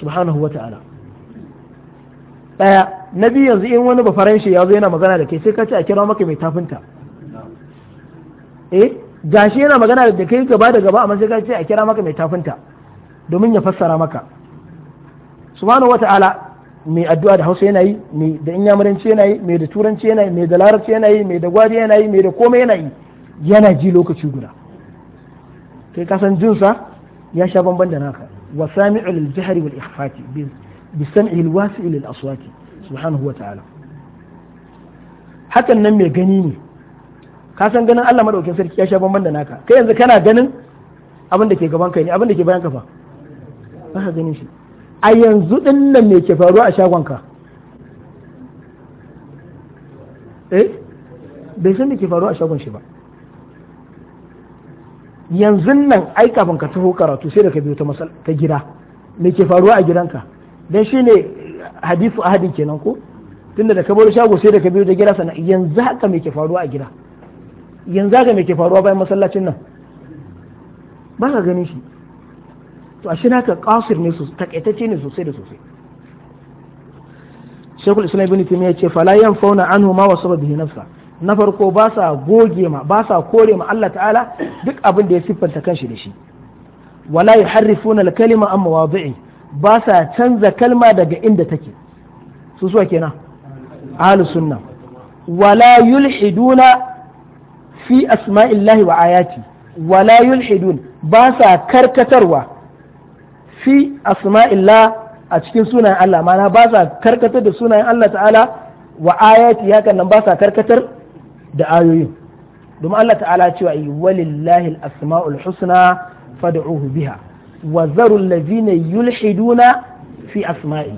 [SPEAKER 1] subhanahu wa ta'ala ɗaya na biyu yanzu in wani ba shi ya zo yana magana da kai sai ka ce a kira maka mai tafinta eh gashi yana magana da kai gaba da gaba amma sai ka ce a kira maka mai tafinta domin ya fassara maka subhanahu wa ta'ala mai addu'a da hausa yana yi mai da inyamuranci yana yi mai da turanci yana yi mai da larabci yana yi mai da gwari yana yi mai da komai yana yi yana ji lokaci guda kai kasan jinsa ya sha bamban da naka wa sami'u lil jahri wal ikhfati bi sam'i al wasi'i lil aswati subhanahu wa ta'ala hakan nan mai gani ne kasan ganin Allah madaukakin sarki ya sha bamban da naka kai yanzu kana ganin abin da ke gaban kai ne abin da ke bayan kafa ba ka ganin shi a yanzu ɗin nan me ke faruwa a shagonka eh bai san me ke faruwa a shagon shi ba yanzu nan ai kafin ka taho karatu sai da ka biyo ta gida me ke faruwa a gidanka dan ne hadithu ahadin kenan ko tunda da ka bar shago sai da ka biyo ta gida sana yanzu haka me ke faruwa a gida yanzu haka me ke faruwa bayan masallacin nan ba ka ganin shi to a shina ka kasir ne su takaitacce ne sosai da sosai shekul islam ibn ya ce fala fauna anhu ma wasaba bihi nafsa na farko ba sa goge ma ba sa kore ma Allah ta'ala duk abin da ya siffanta kanshi da shi wala yuharrifuna al-kalima amma wadi'i ba sa canza kalma daga inda take su suwa kenan ahlus sunna wala yulhiduna fi asma'illahi wa ayati wala yulhidun ba sa karkatarwa fi asma'ila a cikin sunayen Allah mana ba sa karkatar da sunayen Allah ta'ala wa ayati hakan nan ba sa karkatar da ayoyin domin Allah ta'ala cewa yi walillahi al-asma'ul husna fad'uhu biha wa zaru allazina yulhiduna fi asma'i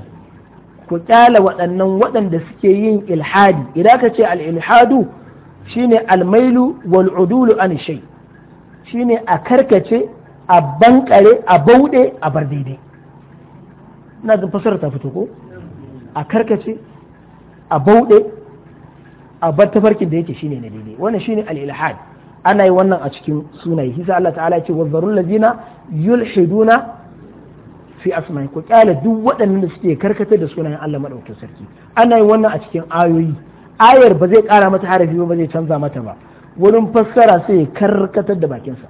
[SPEAKER 1] ku kyala waɗannan waɗanda suke yin ilhadi idan ka ce al-ilhadu shine al-mailu wal udulu an shay shine a karkace a bankare a bauɗe a bar daidai na ga fasara ta fito ko a karkace a bauɗe a bar tafarkin da yake shine na daidai wannan shine al-ilhad ana yi wannan a cikin sunaye hisa Allah ta'ala ce wazzarul ladina yulhiduna fi asma'i ko kyale duk waɗannan da suke karkatar da sunayen Allah madaukakin sarki ana yi wannan a cikin ayoyi ayar ba zai ƙara mata harafi ba zai canza mata ba wurin fassara sai ya karkatar da bakinsa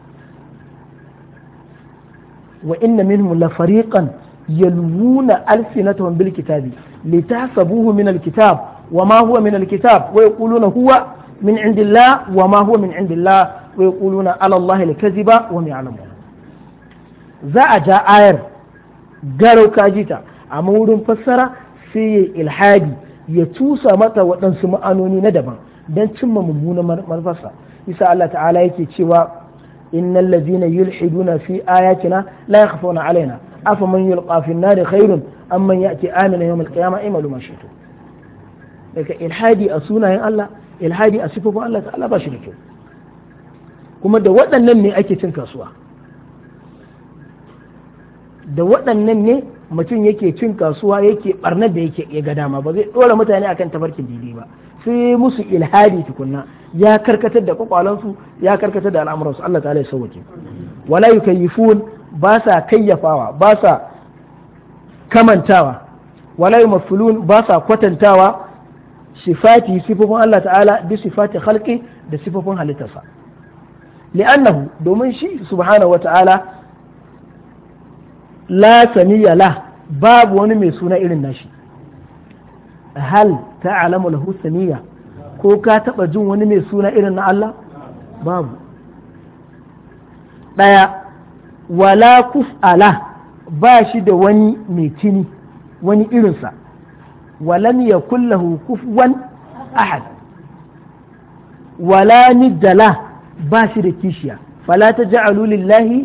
[SPEAKER 1] wa inna minhum la fariqan yalwuna alsinatahum bil kitabi litahsabuhu min al kitab wa ma huwa min al kitab wa huwa min indillah wa ma min indillah wa yaquluna ala Allah al wa ma za a ja ayar garau kajita amma wurin fassara sai ya ilhadi ya tusa mata waɗansu ma'anoni na daban don cimma mummunan manufarsa isa Allah ta'ala yake cewa innal ladina yulhiduna fi ayatina la yakhfuna alaina afa man yulqa fi an-nar khairun am man ya'ti amina yawm al-qiyamah imalu ma shi'tu daga ilhadi a sunayen Allah ilhadi a sifofin Allah ta'ala ba shi da kyau kuma da waɗannan ne ake cin kasuwa da waɗannan ne mutum yake cin kasuwa yake barnar da yake ya gadama dama ba zai ɗora mutane akan tafarkin didi ba sai musu ilhadi tukunna ya karkatar da kwakwalansu ya karkatar da al'amuransu Allah ta'ala ya sauke wala yukayyifun ba sa kayyafawa ba sa kamantawa wala yumafilun ba sa kwatantawa sifati sifofin Allah ta'ala bi sifati khalqi da sifofin halittarsa li'annahu domin shi subhanahu wa ta'ala la saniya la babu wani mai suna irin nashi hal ta'lamu lahu samiyya ko ka taba jin wani mai suna irin na Allah babu daya wala kuf'ala ba shi da wani mai cini wani irinsa walam yakul lahu kufuwan ahad wala niddala ba shi da kishiya fala Alulillahi lillahi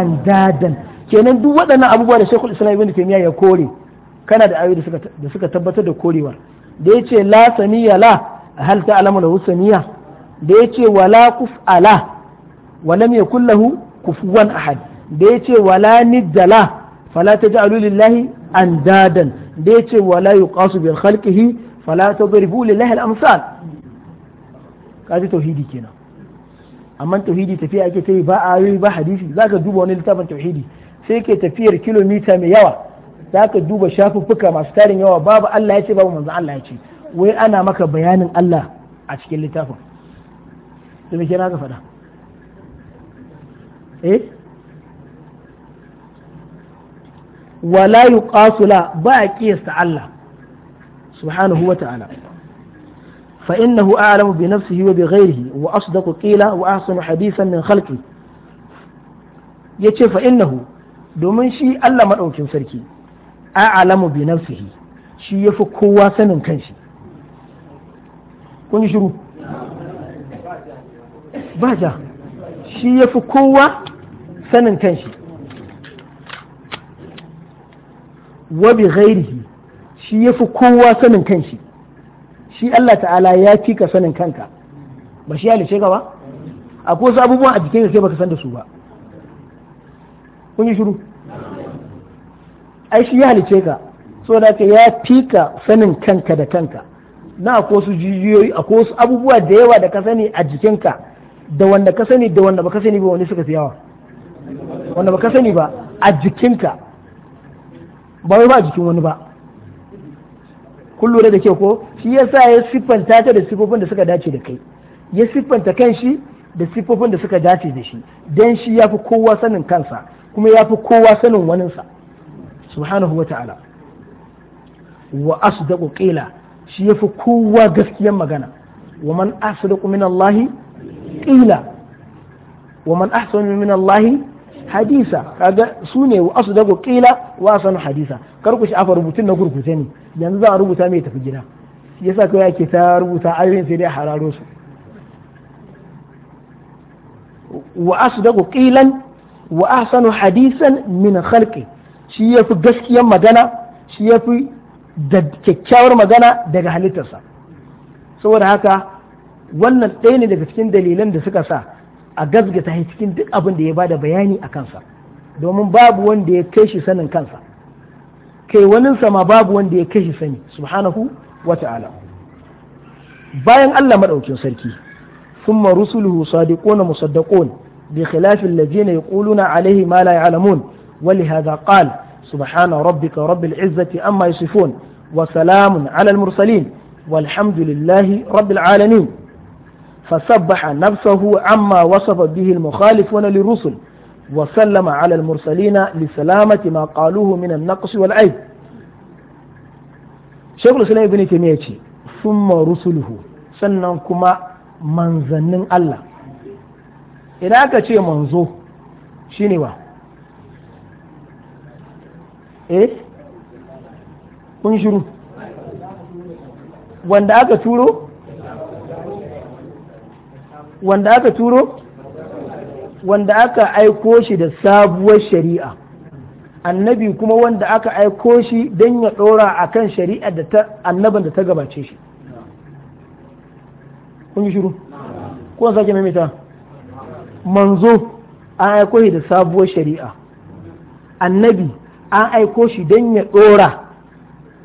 [SPEAKER 1] andadan kenan duk waɗannan abubuwa da Sheikhul Islam Ibn Taymiyyah ya kore kana da ayoyi da suka tabbatar da korewar da ya ce la samiya la hal ta alamu lahu samiya da ya ce wala kuf'ala walam yakul lahu kufuwan ahad da ya ce wala nidjala fala taj'alu lillahi an andadan da ya ce wala yuqasu bil khalqihi fala tadribu lillahi al amsal kaji tauhidi kenan amma tauhidi tafiya ake ta yi ba ayoyi ba hadisi za ka duba wani littafin tauhidi sai ke tafiyar kilomita mai yawa za ka duba shafuffuka masu tarin yawa babu Allah ya ce babu manzon Allah ya ce wai ana maka bayanin Allah a cikin littafin to me kenan ka faɗa eh wala yuqasu la ba kiyasta Allah subhanahu wa ta'ala fa innahu a'lamu bi nafsihi wa bi ghayrihi wa asdaqu qila wa ahsanu hadithan min khalqi yace fa innahu domin shi Allah madaukin sarki a'lamu bi nafsihi shi yafi kowa sanin kanshi kun shiru ba ja shi yafi kowa sanin kanshi wa bi ghairihi shi yafi kowa sanin kanshi shi Allah ta'ala ya fi ka sanin kanka ba shi halice ka ba akwai wasu abubuwan a jikin ka kai baka san da su ba kun yi shiru
[SPEAKER 2] ai shi ya halice
[SPEAKER 1] ka so da ka ya fika sanin kanka da kanka na ko su jijiyoyi a ko su abubuwa da yawa da ka sani a jikinka da wanda ka sani da wanda baka sani ba wani suka fi yawa wanda baka sani ba a jikinka ba wai ba a jikin wani ba kun lura da kyau ko shi yasa ya siffanta ta da siffofin da suka dace da kai ya siffanta kan shi da siffofin da suka dace da shi dan shi ya fi kowa sanin kansa kuma ya fi kowa sanin waninsa subhanahu wa ta'ala wa asdaqu qila shi yafi kowa gaskiyar magana wa man asdaqu min Allah qila wa man ahsanu min Allah hadisa kaga wa asdaqu qila wa asanu hadisa kar ku shafa rubutun na gurgute ne yanzu za a rubuta mai tafi gida yasa kawai ta rubuta ayoyin sai dai hararo su wa wa hadisan min khalqi shi ya fi gaskiyar magana shi ya fi da kyakkyawar magana daga halittarsa saboda haka wannan ɗaya ne daga cikin dalilan da suka sa a gazgata cikin duk abin da ya bada bayani a kansa domin babu wanda ya kai shi sanin kansa kai waninsa sama babu wanda ya kai shi sani subhanahu wa ta'ala bayan Allah maɗaukin sarki ثم رسله صادقون na بخلاف الذين يقولون عليه ما ya يعلمون ولهذا قال سبحان ربك رب العزة عما يصفون وسلام على المرسلين والحمد لله رب العالمين فسبح نفسه عما وصف به المخالفون للرسل وسلم على المرسلين لسلامة ما قالوه من النقص والعيب شيخ الإسلام ابن تيمية ثم رسله sannan kuma manzannin Allah idan aka ce manzo shine wa Eh? kun shiru wanda aka turo wanda aka turo wanda aka aiko shi da sabuwar shari'a annabi kuma wanda aka aiko shi don ya ɗora a kan shari'a da ta annaban da ta gabace shi kun yi shiru ko sake maimaita manzo an aiko shi da sabuwar shari'a annabi an aiko shi don ya ɗora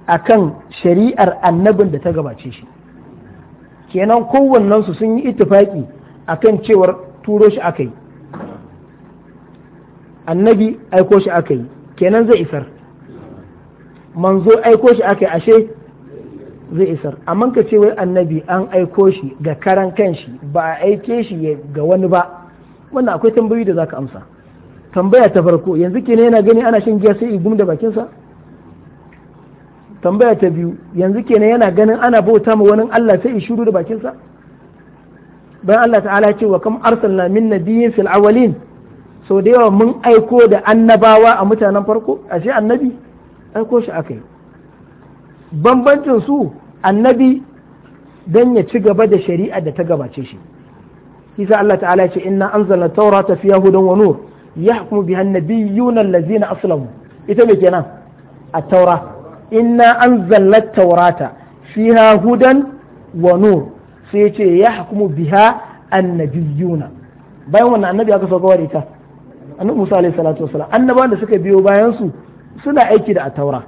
[SPEAKER 1] a kan shari'ar annabin da ta gabace shi kenan kowannensu sun yi ittifaki a kan cewar turo shi aka yi annabi aiko shi aka yi kenan zai isar manzo aiko shi aka yi ashe zai isar amma ka ce wai annabi an aiko shi ga karan kanshi ba a aike shi ga wani ba wannan akwai tambayoyi da za ka amsa tambaya ta farko yanzu kenan yana gani ana shan giya sai igum da bakinsa tambaya ta biyu yanzu kenan yana ganin ana bauta ma wani Allah sai ishuru da bakinsa bayan Allah ta'ala ya ce wa kam arsalna min nabiyyin fil awwalin so da yawa mun aiko da annabawa a mutanen farko ashe annabi aiko shi akai bambancin su annabi dan ya ci gaba da shari'a da ta gabace shi kisa Allah ta'ala ya ce inna anzalna tawrata fiha hudan wa nur yahkumu biha annabiyuna lazina aslamu ita me kenan a taura inna an at-taurata fiha hudan wa nur sai ce yahkumu biha annabiyuna bayan wannan annabi aka sauka da ita annabi Musa alaihi salatu wasalam annabawa da suka biyo bayan su suna aiki da a taura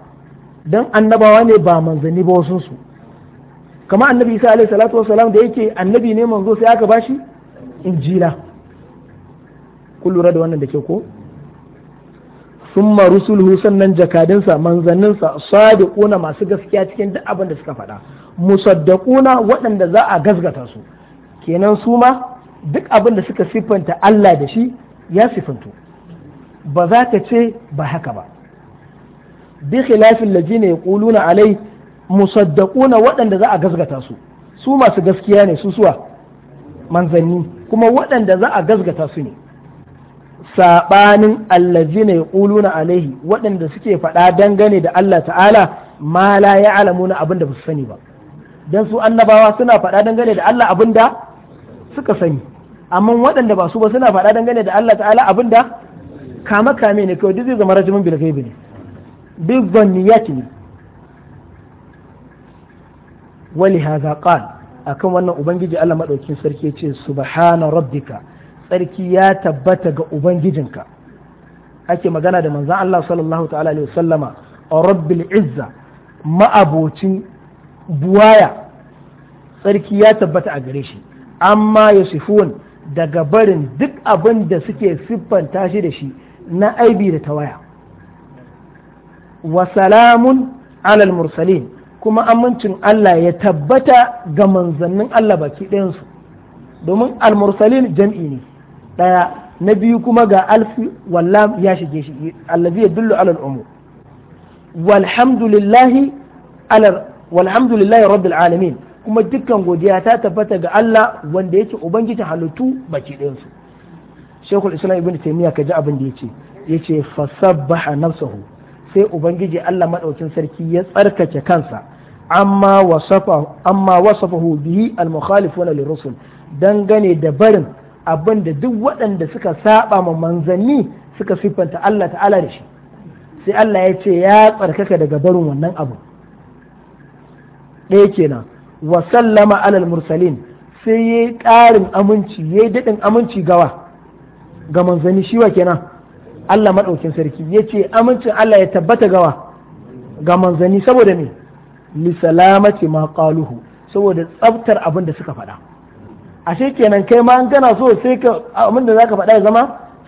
[SPEAKER 1] dan annabawa ne ba manzanni ba wasu su kama annabi Isa alaihi salatu wasalam da yake annabi ne manzo sai aka bashi injila kun lura da wannan da ke ko summa rusuluhu sannan jakadinsa manzanninsa sadiquna masu gaskiya cikin duk abin da suka faɗa musaddaquna waɗanda za a gasgata su kenan su ma duk abin da suka siffanta Allah da shi ya siffanto. ba za ka ce ba haka ba bi khilafin ne yaquluna alai musaddaquna waɗanda za a gasgata su su masu gaskiya ne su suwa manzanni kuma waɗanda za a gasgata su ne saɓanin allazina yaquluna alaihi waɗanda suke faɗa dangane da Allah ta'ala ma la ya'lamuna abin da sani ba dan su annabawa suna faɗa dangane da Allah abin da suka sani amma waɗanda ba su ba suna faɗa dangane da Allah ta'ala abin da kama kame ne kawai duk zai zama rajimin bil ghaibi ne duk zanniyat ne wali hadha qal akan wannan ubangiji Allah madaukin sarki ya ce subhana rabbika tsarki ya tabbata ga ubangijinka ake magana da manzan Allah sallallahu ta'ala alaihi wasallama a rabbil izza ma'abocin buwaya tsarki ya tabbata a gare shi amma ya daga barin duk abin da suke siffanta shi da shi na aibi da tawaya wa salamun alal mursalin kuma amincin Allah ya tabbata ga manzannin Allah baki ɗayansu domin al-mursalin jam'i ne ɗaya na biyu kuma ga alfi wallam ya shige shi allazi yadullu alal umur walhamdulillahi ala walhamdulillahi rabbil alamin kuma dukkan godiya ta tabbata ga Allah wanda yake ubangiji halittu baki ɗayan su shekul islam ibn taymiya ka ji abin da yace yace fasabbaha nafsuhu sai ubangiji Allah madaukin sarki ya tsarkake kansa amma wasafa amma wasafahu bihi al-mukhalifuna lirrusul dangane da barin abin da duk waɗanda suka saba ma manzanni suka siffanta Allah ta'ala da shi sai Allah ya ce ya tsarkaka daga barin wannan abu ɗaya kenan wa sallama alal mursalin sai ya yi ƙarin aminci ya yi daɗin aminci gawa ga manzanni shi wa kenan Allah maɗaukin sarki ya ce amincin Allah ya tabbata gawa ga manzanni saboda me li salamati ma qaluhu saboda tsabtar abin da suka faɗa ashe kenan kai ma an gana so sai ka abin da zaka faɗa ya zama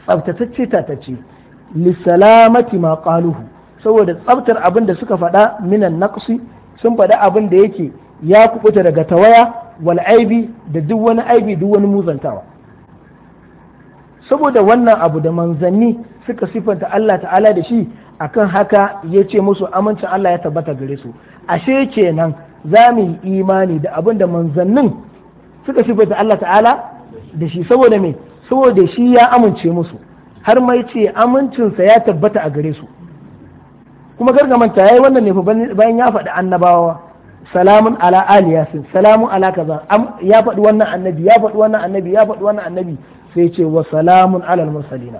[SPEAKER 1] tsaftatacce tatacce lissalamati ma qaluhu saboda tsaftar abin da suka faɗa minan naqsi sun faɗa abin da yake ya kubuta daga tawaya wal aibi da duk wani aibi duk wani muzantawa saboda wannan abu da manzanni suka sifanta Allah ta'ala da shi akan haka ya ce musu amincin Allah ya tabbata gare su ashe kenan za mu yi imani da abin da manzannin suka sifata Allah ta'ala da shi saboda me saboda shi ya amince musu har mai ce amincinsa ya tabbata a gare su kuma gargamanta yayi wannan ne bayan ya faɗi annabawa salamun ala ali yasin salamun ala kaza ya faɗi wannan annabi ya faɗi wannan annabi ya faɗi wannan annabi sai ce wa salamun ala mursalina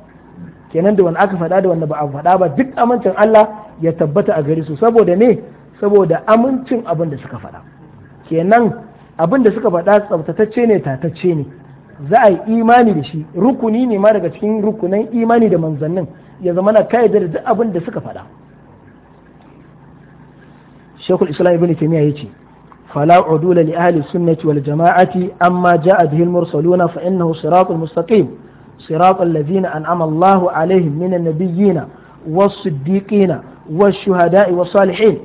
[SPEAKER 1] kenan da wanda aka faɗa da wanda ba a faɗa ba duk amincin Allah ya tabbata a gare su saboda ne saboda amincin abin da suka faɗa kenan abin da suka faɗa tsaftatacce ne tatacce ne za a yi imani da shi rukuni ne ma daga cikin rukunan imani da manzannin ya zama na kai da duk abin da suka faɗa shekul islam ibn taymiya yace fala udula li ahli sunnati wal jama'ati amma ja'a bihi al mursaluna fa innahu siratul mustaqim siratul ladzina an'ama Allahu alaihim minan nabiyyina was siddiqina wash shuhada'i was salihin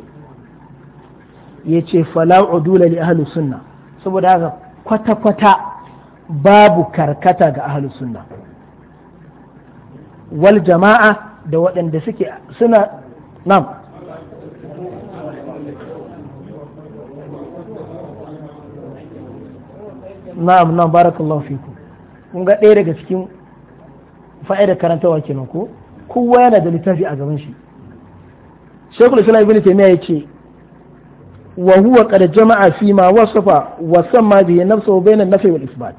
[SPEAKER 1] yace fala udula li ahli sunnah saboda haka kwata-kwata babu karkata ga ahlus sunna wal jama'a da waɗanda suke suna nam
[SPEAKER 2] na'am na'am barakallahu
[SPEAKER 1] fikum kun ga ɗaya daga cikin fa'idar karantawa kenan ko kowa yana da littafi a gaban shi shekul islam ibn taymiya yace wa huwa qad jama'a fi ma wasafa wa samma bihi nafsuhu bayna an-nafi wal isbat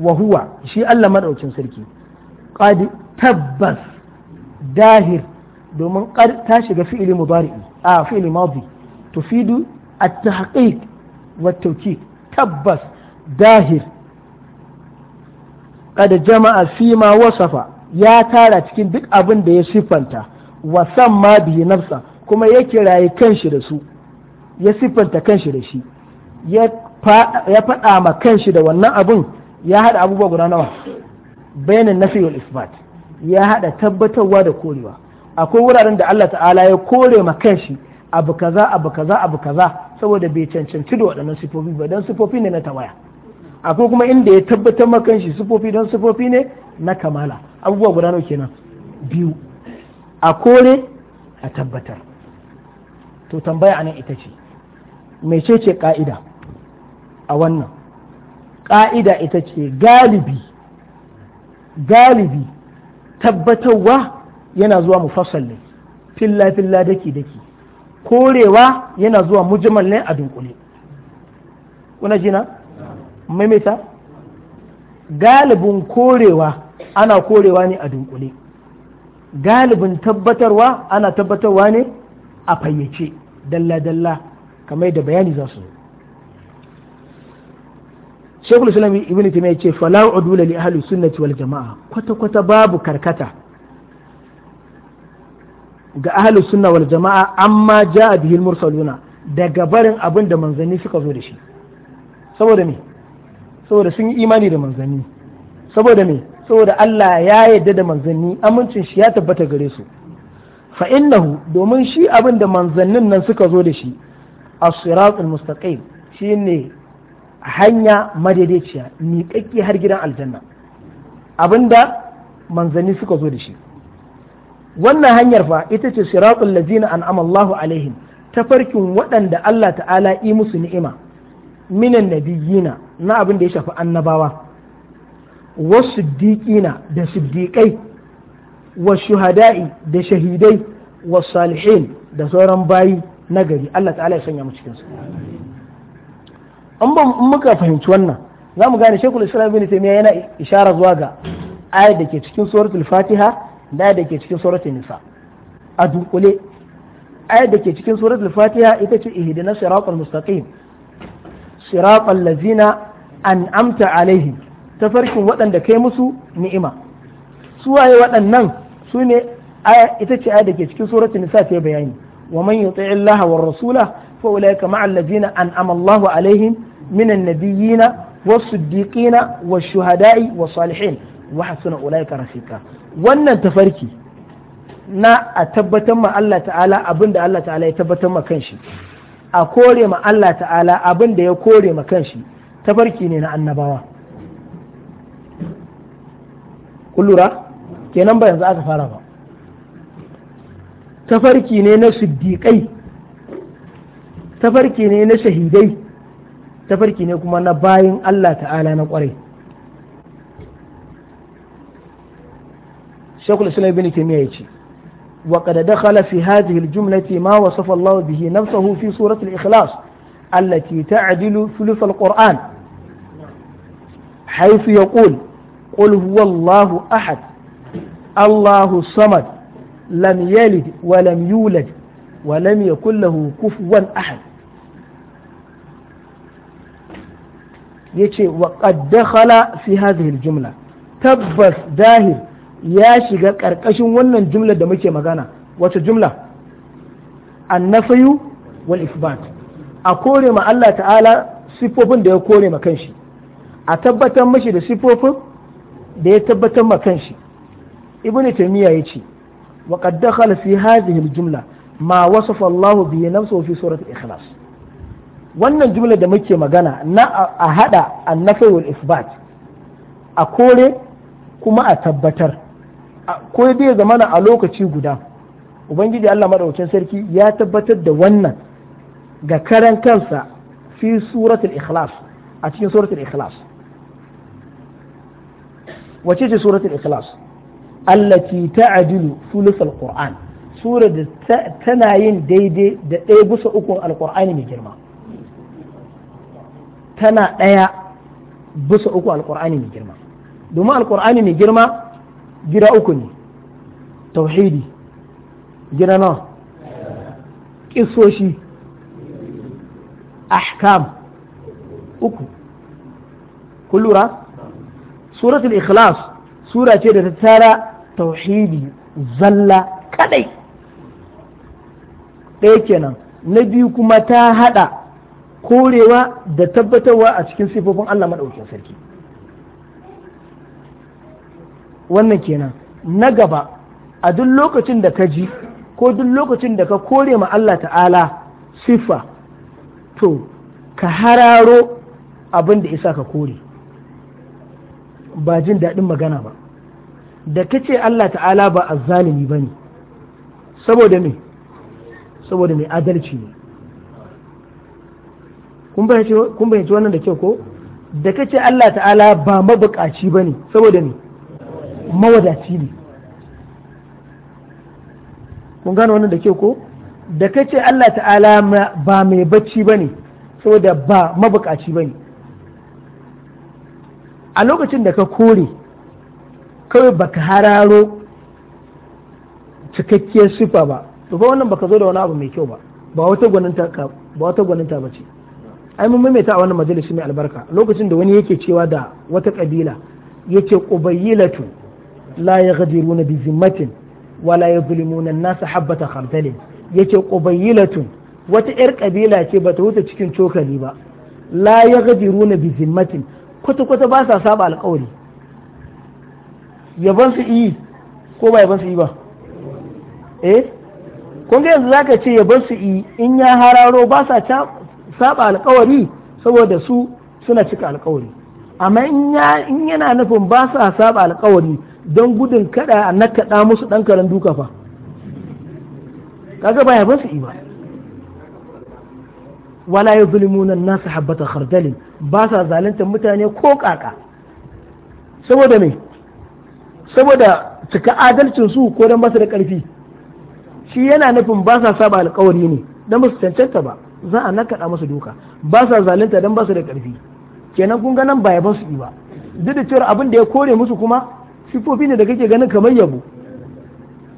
[SPEAKER 1] wa shi Allah madaukin sarki qad tabbas dahir domin qad ta shiga fi'li mudari a fi'li madi tufidu at-tahqiq wa tawkid tabbas dahir qad jama'a fi ma wasafa ya tara cikin duk abin da ya siffanta wa samma bihi nafsa kuma yake kiraye kanshi da su ya siffanta kanshi da shi ya faɗa ma kanshi da wannan abun ya haɗa abubuwa guda nawa bayanin nafi wal isbat ya haɗa tabbatarwa da korewa akwai wuraren da Allah ta'ala ya kore ma kanshi abu kaza abu kaza abu kaza saboda bai cancanci da waɗannan sifofi ba don sifofi ne na tawaya akwai kuma inda ya tabbatar ma kanshi sifofi don sifofi ne na kamala abubuwa guda nawa kenan biyu a kore a tabbatar to tambaya anan ita ce mecece ƙa'ida a wannan ƙa'ida ita ce galibi galibi tabbatarwa yana zuwa mufassal ne filla filla daki daki korewa yana zuwa mujimal ne a dunkule kuna jina maimaita galibin korewa ana korewa ne a dunkule galibin tabbatarwa ana tabbatarwa ne a fayyace dalla-dalla kamar da bayani za su zo shekul islam ibn ya ce Falau udula li ahli sunnati wal jamaa kwata kwata babu karkata ga ahli sunna wal jamaa amma jaa bihi al mursaluna daga barin abin da manzanni suka zo da shi saboda me saboda sun yi imani da manzanni saboda me saboda Allah ya yarda da manzanni amincin shi ya tabbata gare su fa innahu domin shi abin da manzannin nan suka zo da shi A Siratsun mustaqim shine hanya madaidaiciya niƙaƙƙi har gidan aljanna abinda Manzani suka zo da shi wannan hanyar fa ita ce siratul lazina an'ama Allahu ta farkin waɗanda Allah ta'ala yi musu ni'ima minan nabiyina na abin da ya shafi annabawa wasu diƙina da siddiƙai wa shuhada'i da shahidai wa salihin da sauran bayi na gari Allah ta'ala ya sanya mu cikin su an ba muka fahimci wannan za mu gane shekul islam bin taymiya yana ishara zuwa ga ayat da ke cikin suratul fatiha da ayat da ke cikin suratul nisa a dunkule ayat da ke cikin suratul fatiha ita ce ihdinas siratal mustaqim siratal ladzina an'amta alaihim farkin waɗanda kai musu ni'ima su waye waɗannan su ne ita ce ayat da ke cikin suratul nisa ta bayani ومن يطع الله والرسول فأولئك مع الذين أنعم الله عليهم من النبيين والصديقين والشهداء والصالحين وحسن أولئك رفيقا wannan tafarki na a tabbatar ma Allah ta'ala abin da Allah ta'ala ya tabbatar ma kanshi a kore ma Allah ta'ala abin da ya kore ma kanshi tafarki ne na annabawa kun lura kenan ba yanzu aka fara ba tafarki ne na siddiƙai tafarki ne na shahidai tafarki ne kuma na bayin Allah ta'ala na ƙwarai shekul islam ibn kimiyya ya ce وقد دخل في هذه الجملة ما وصف الله به نفسه في سورة الإخلاص التي تعدل ثلث القرآن حيث يقول قل هو الله أحد الله الصمد Lamyalid yalid wa lam wa lam yakul lahu ahad yace wa qad dakhala fi hadhihi jumla tabbas dahir ya shiga karkashin wannan jumlar da muke magana wata jumla annafayu wal isbat a kore ma Allah ta'ala sifofin da ya kore ma kanshi a tabbatar mashi da sifofin da ya tabbatar ma kanshi ibnu ya ce. وقد دخل في هذه الجملة ما وصف الله به نفسه في سورة الإخلاص wannan jumla da muke magana na a hada annafai wal isbat a kore kuma a tabbatar ko bai zamana a lokaci guda ubangiji Allah madaukakin sarki ya tabbatar da wannan ga karan kansa fi suratul ikhlas a cikin suratul ikhlas wace ce suratul ikhlas allati ta'dilu thuluth alquran sura da tana yin daidai da ɗaya bisa ukun alqur'ani mai girma tana ɗaya bisa uku alqur'ani mai girma domin alqur'ani mai girma gida uku ne tauhidi gida nawa kisoshi ahkam uku Kullura. lura suratul ikhlas sura ce da ta tara tauhidi zalla kadai ɗaya kenan na biyu kuma ta haɗa korewa da tabbatarwa a cikin sifofin Allah maɗaukin sarki wannan kenan na gaba a duk lokacin da ka ji ko duk lokacin da ka kore ma Allah ta'ala sifa to ka hararo abin da isa ka kore ba jin daɗin magana ba da ce Allah ta'ala ba ba ne saboda me saboda mai adalci ne kun bayyanci wannan da kyau ko da ka ce Allah ta'ala ba mabukaci ba ne saboda me mawadaci ne kun gano wannan da kyau ko da ka ce Allah ta'ala ba mai bacci ba ne saboda ba mabukaci ba ne a lokacin da ka kore kawai baka hararo cikakkiyar sifa ba to fa wannan baka zo da wani abu mai kyau ba ba wata gwaninta ka ba wata gwaninta ba ai mun maimaita a wannan majalisi mai albarka lokacin da wani yake cewa da wata kabila yace qubaylatu la yaghdiruna bi zimmatin wa la yuzlimuna an-nas habata khardalin yace qubaylatun wata yar kabila ce bata wuce cikin cokali ba la yaghdiruna bi zimmatin kwata kwata ba sa saba alƙawari yaban su iyi ko ba yaban su iyi ba eh kun ga yanzu zaka ce yaban su iyi in ya hararo ba sa saba alkawari saboda su suna cika alkawari amma in yana nufin ba sa saba alkawari don gudun kada a nakaɗa musu ɗan karen duka fa kaga ba yaban su iyi ba wala ya zulmunan nasu habbata khardalin ba sa zalunta mutane ko kaka saboda me saboda cika adalcin su ko dan basu da karfi shi yana nufin ba sa saba alkawari ne dan basu cancanta ba za a nakaɗa musu duka ba sa zalunta dan basu da karfi kenan kun ga nan ba yaban su ba duk da cewa abin da ya kore musu kuma sifofi ne da kake ganin kamar yabo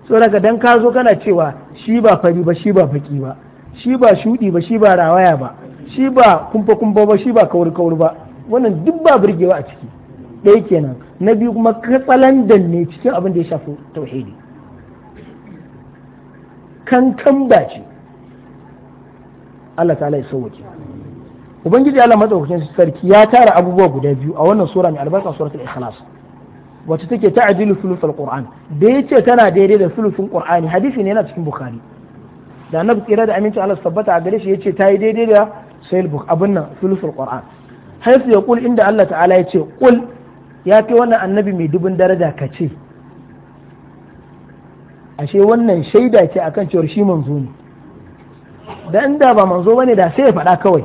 [SPEAKER 1] saboda dan ka zo kana cewa shi ba fari ba shi ba faki ba shi ba shudi ba shi ba rawaya ba shi ba kumfa kumfa ba shi ba kawur kauri ba wannan duk ba burgewa a ciki ɗaya kenan na biyu kuma katsalandan ne cikin abin da ya shafi tauhidi kankan ba Allah ta'ala ya sauwake ubangiji Allah madaukakin sarki ya tara abubuwa guda biyu a wannan sura mai albarka suratul ikhlas wacce take ta'dilu thuluthul qur'an da ce tana daidai da thuluthun qur'ani hadisi ne yana cikin bukhari da annabi tsira da aminci Allah tabbata a gare shi yace ta yi daidai da sahih abin nan thuluthul qur'an haythu yaqul inda Allah ta'ala ce qul ya fi wannan annabi mai dubin daraja ka ce ashe wannan shaida ce akan cewar shi manzo ne da inda ba manzo bane da sai ya faɗa kawai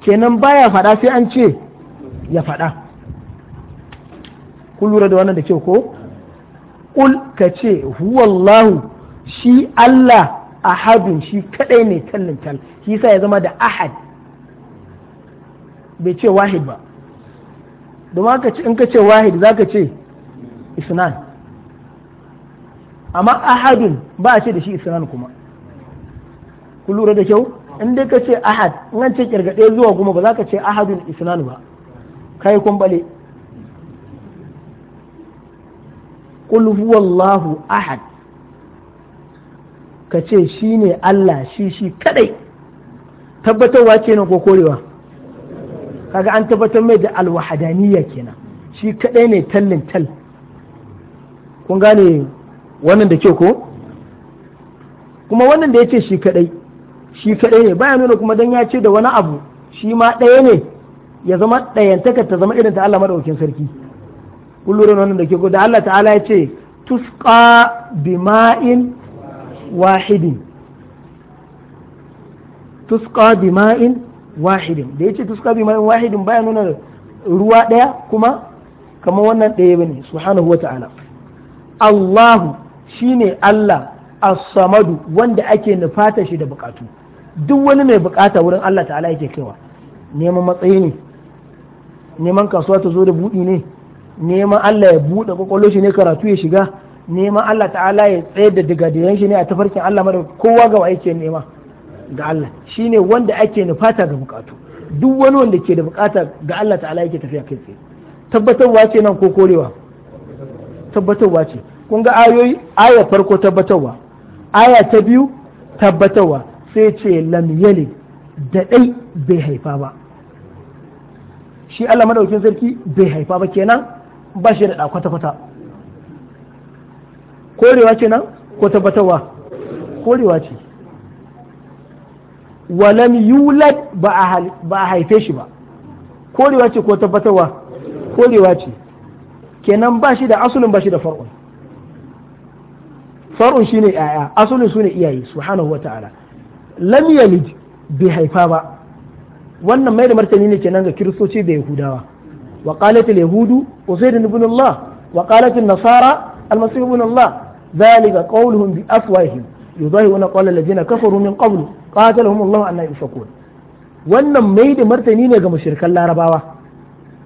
[SPEAKER 1] kenan baya faɗa sai an ce ya faɗa ku lura da wannan da kyau ko kul ka ce huwallahu shi Allah ahadun shi kaɗai ne tallin tal shi sa ya zama da ahad bai ce wahid ba domin ka ce in ka ce wahid za ka ce isnan amma ahadun ba a ce da shi isnan kuma ku lura da kyau in dai ka ce ahad in an ce kirgade zuwa kuma ba za ka ce ahadun isnan ba kai kumbale qul wallahu ahad ka ce shi ne Allah shi shi kadai tabbatarwa ce ko korewa kaga an tabbatar mai da alwahadaniya kenan shi kadai ne tallin tal kun gane wannan da ke ko kuma wannan da ya ce shi kadai shi kadai ne baya nuna kuma dan ya ce da wani abu shi ma ɗaya ne ya zama ɗayantakar ta zama irin ta Allah madaukakin sarki kun lura wannan da ke ko da Allah ta'ala ya ce tusqa bima'in wahidin tusqa bima'in wahidin da yace tuska bi ma'in wahidin baya nuna ruwa ɗaya kuma kamar wannan ɗaya bane subhanahu ta'ala Allahu shine Allah as-samadu wanda ake nufata shi da bukatu duk wani mai bukata wurin Allah ta'ala yake kaiwa neman matsayi ne neman kasuwa ta zo da buɗi ne neman Allah ya buɗe kwakwallo shi ne karatu ya shiga neman Allah ta'ala ya tsayar da digadiyan shi ne a tafarkin Allah mara kowa ga wa yake nema ga Allah shine wanda ake nufata ga bukatu duk wani wanda ke da bukata ga Allah ta'ala yake tafiya kai tsaye tabbatarwa ce nan ko korewa tabbatarwa ce kun ga ayoyi aya farko tabbatarwa aya ta biyu tabbatarwa sai ce lam da dai bai haifa ba shi Allah madaukin sarki bai haifa ba kenan ba shi da kwata-kwata korewa ce nan ko tabbatarwa korewa ce walam yulad ba a haife shi ba korewa ce ko tabbatarwa korewa ce kenan ba shi da asulin ba shi da far'un far'un shine yaya asulin sune iyaye subhanahu wata'ala lam yalid bai haifa ba wannan mai da martani ne kenan ga kiristoci da yahudawa wa qalat al yahudu usayd ibn allah wa qalat nasara al masih ibn allah ذلك قولهم بأفواههم يضاهئون قول الذين كفروا من قبل qatalahum Allah anna yufakun wannan mai da martani ne ga mushrikan larabawa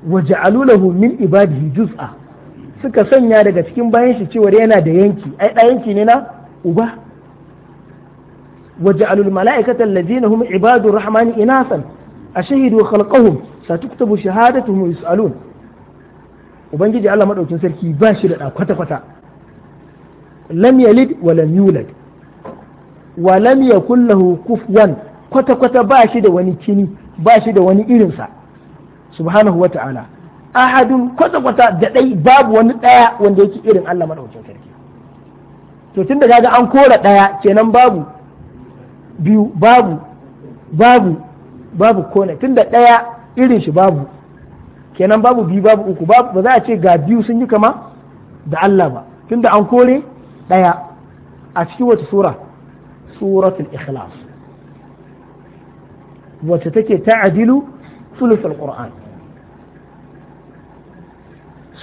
[SPEAKER 1] wa ja'alu lahu min ibadihi juz'a suka sanya daga cikin bayan shi cewa yana da yanki ai da yanki ne na uba wa ja'alu al mala'ikata allazina hum ibadur rahmani inasan ashahidu khalqahum satuktabu shahadatuhum yus'alun ubangiji Allah madaukin sarki ba shi da kwata kwata lam yalid wa lam walam ya yakul lahu kwata kwata ba shi da wani kini ba shi da wani irinsa subhanahu wa ta'ala ahadun kwata kwata da ɗai babu wani daya wanda yake irin Allah madaukakin sarki to tun da kaga an kora daya kenan babu biyu babu babu babu kone tunda daya irin shi babu kenan babu biyu babu uku babu ba za a ce ga biyu sun yi kama da Allah ba tunda an kore daya a cikin wata sura suratul ikhlas wacce take ta'adilu sulusul qur'an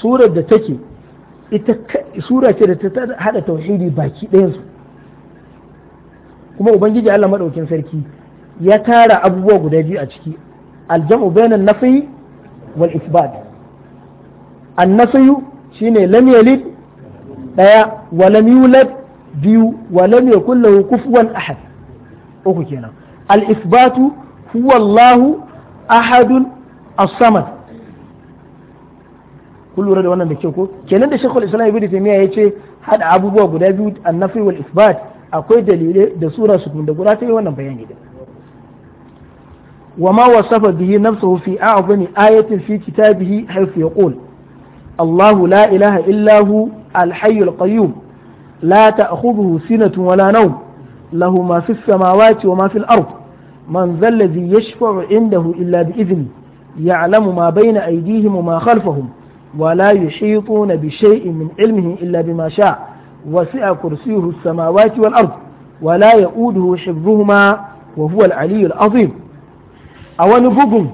[SPEAKER 1] surar da take sura ce ta hada tauhidi baki ɗayansu kuma ubangiji Allah madaukin sarki ya tara abubuwa guda biyu a ciki aljam'u bainan nafi wal isbat an nafiyu shine lam yalid daya wa lam biyu wa lam yakul lahu kufuwan ahad uku kenan al isbatu huwa Allah ahadun as-samad kun lura da wannan da ke ko kenan da shekul islam ibnu taymiya ce hada abubuwa guda biyu annafi wal isbat akwai dalilai da sura su da guda ta yi wannan bayani da وما وصف به نفسه في أعظم آية في كتابه حيث يقول الله لا إله إلا هو الحي القيوم لا تأخذه سنة ولا نوم له ما في السماوات وما في الأرض من ذا الذي يشفع عنده إلا بإذنه يعلم ما بين أيديهم وما خلفهم ولا يحيطون بشيء من علمه إلا بما شاء وسع كرسيه السماوات والأرض ولا يؤوده حفظهما وهو العلي العظيم أو نبغم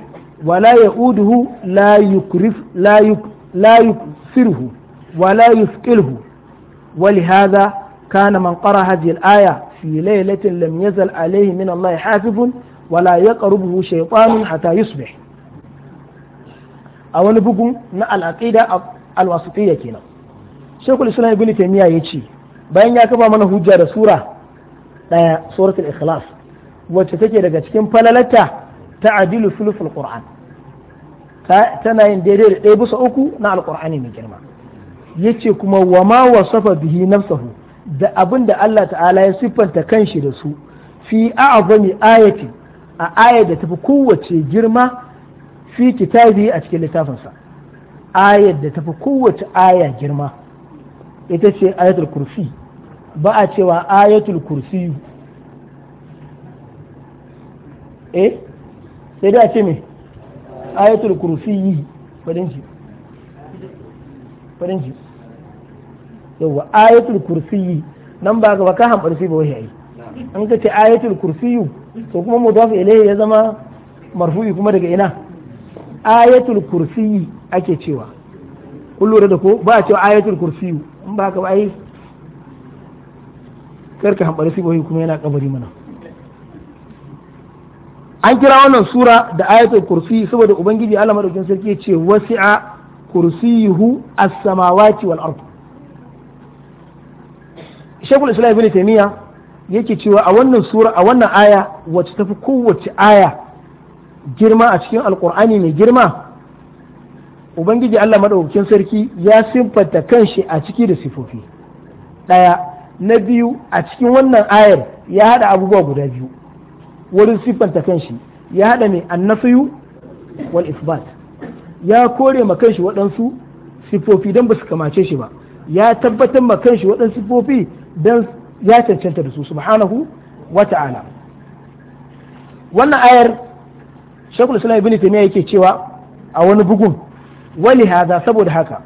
[SPEAKER 1] ولا يؤوده لا يكرف لا يك لا يكسره ولا يثقله ولهذا كان من قرأ هذه الآية lamyazal ليلة لم يزل عليه من الله حافظ ولا يقربه شيطان حتى يصبح a wani bugu na al'aƙida alwasitiyya kenan shekul islam ibn taymiya ya ce bayan ya kafa mana hujja da sura ɗaya suratul ikhlas wacce take daga cikin falalata ta adilu sulufin qur'an tana yin daidai da ɗaya bisa uku na alƙur'ani mai girma yace kuma wa ma wasafa bihi nafsahu da abin da Allah ta'ala ya siffanta kanshi da su fi a'zami ayati a ayar da tafi kowace girma fi kitabi a cikin littafinsa ayar da tafi kowace aya girma ita ce ayatul kursi ba a cewa ayatul kursi eh sai da ce me ayatul kursi yi farinci farinci yawwa ayatul kursiyi nan ba ba ka hanbar shi ba wahayi an ka ce ayatul kursiyu to kuma mudaf ilayhi ya zama marfu'i kuma daga ina ayatul kursiyi ake cewa kun lura da ko ba a cewa ayatul kursiyu in ba ka ba ai karka hanbar shi ba wahayi kuma yana kabari mana an kira wannan sura da ayatul kursi saboda ubangiji Allah madaukakin sarki ya ce wasi'a kursiyuhu as-samawati wal ardh shekul islam ibn taimiyya yake cewa a wannan sura a wannan aya wacce tafi kowace aya girma a cikin alkur'ani mai girma ubangiji allah maɗaukakin sarki ya siffanta kanshi a ciki da sifofi ɗaya na biyu a cikin wannan ayar ya haɗa abubuwa guda biyu wurin siffanta kanshi ya haɗa mai annafiyu wal isbat ya kore ma kanshi waɗansu sifofi don ba su kamace shi ba ya tabbatar ma kanshi waɗansu sifofi Don ya cancanta da su subhanahu wa ta'ala wannan ayar shekul islam ibn taymiya yake cewa a wani bugun wani haza saboda haka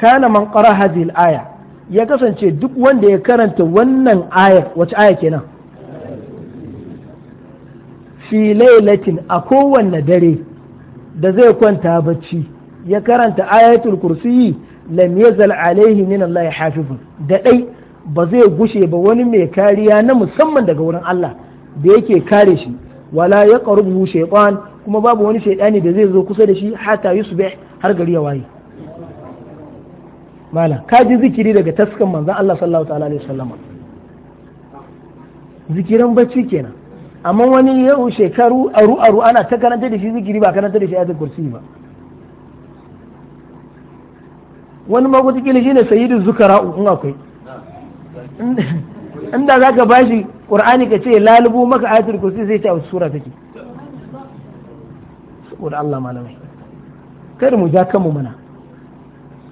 [SPEAKER 1] kana man qara hadhihi aya ya kasance duk wanda ya karanta wannan ayar wace aya kenan fi lailatin a kowanne dare da zai kwanta bacci ya karanta ayatul kursiyi lam yazal alaihi min allahi hafizun da dai ba zai gushe ba wani mai kariya na musamman daga wurin Allah da yake kare shi wala ya karubu shaytan kuma babu wani shaytani da zai zo kusa da shi hatta yusbih har gari ya waye mala ka ji zikiri daga taskan manzan Allah sallallahu ta'ala alaihi sallama zikiran bacci kenan amma wani yau shekaru aru aru ana ta karanta da shi zikiri ba karanta da shi ayatul kursi ba wani shi shine sayyidu zukara'u in akwai inda za ka ba shi ƙur'ani ka ce lalubu maka ayatul kursi zai ce a wasu sura take saboda Allah malamai kar mu ja kanmu mana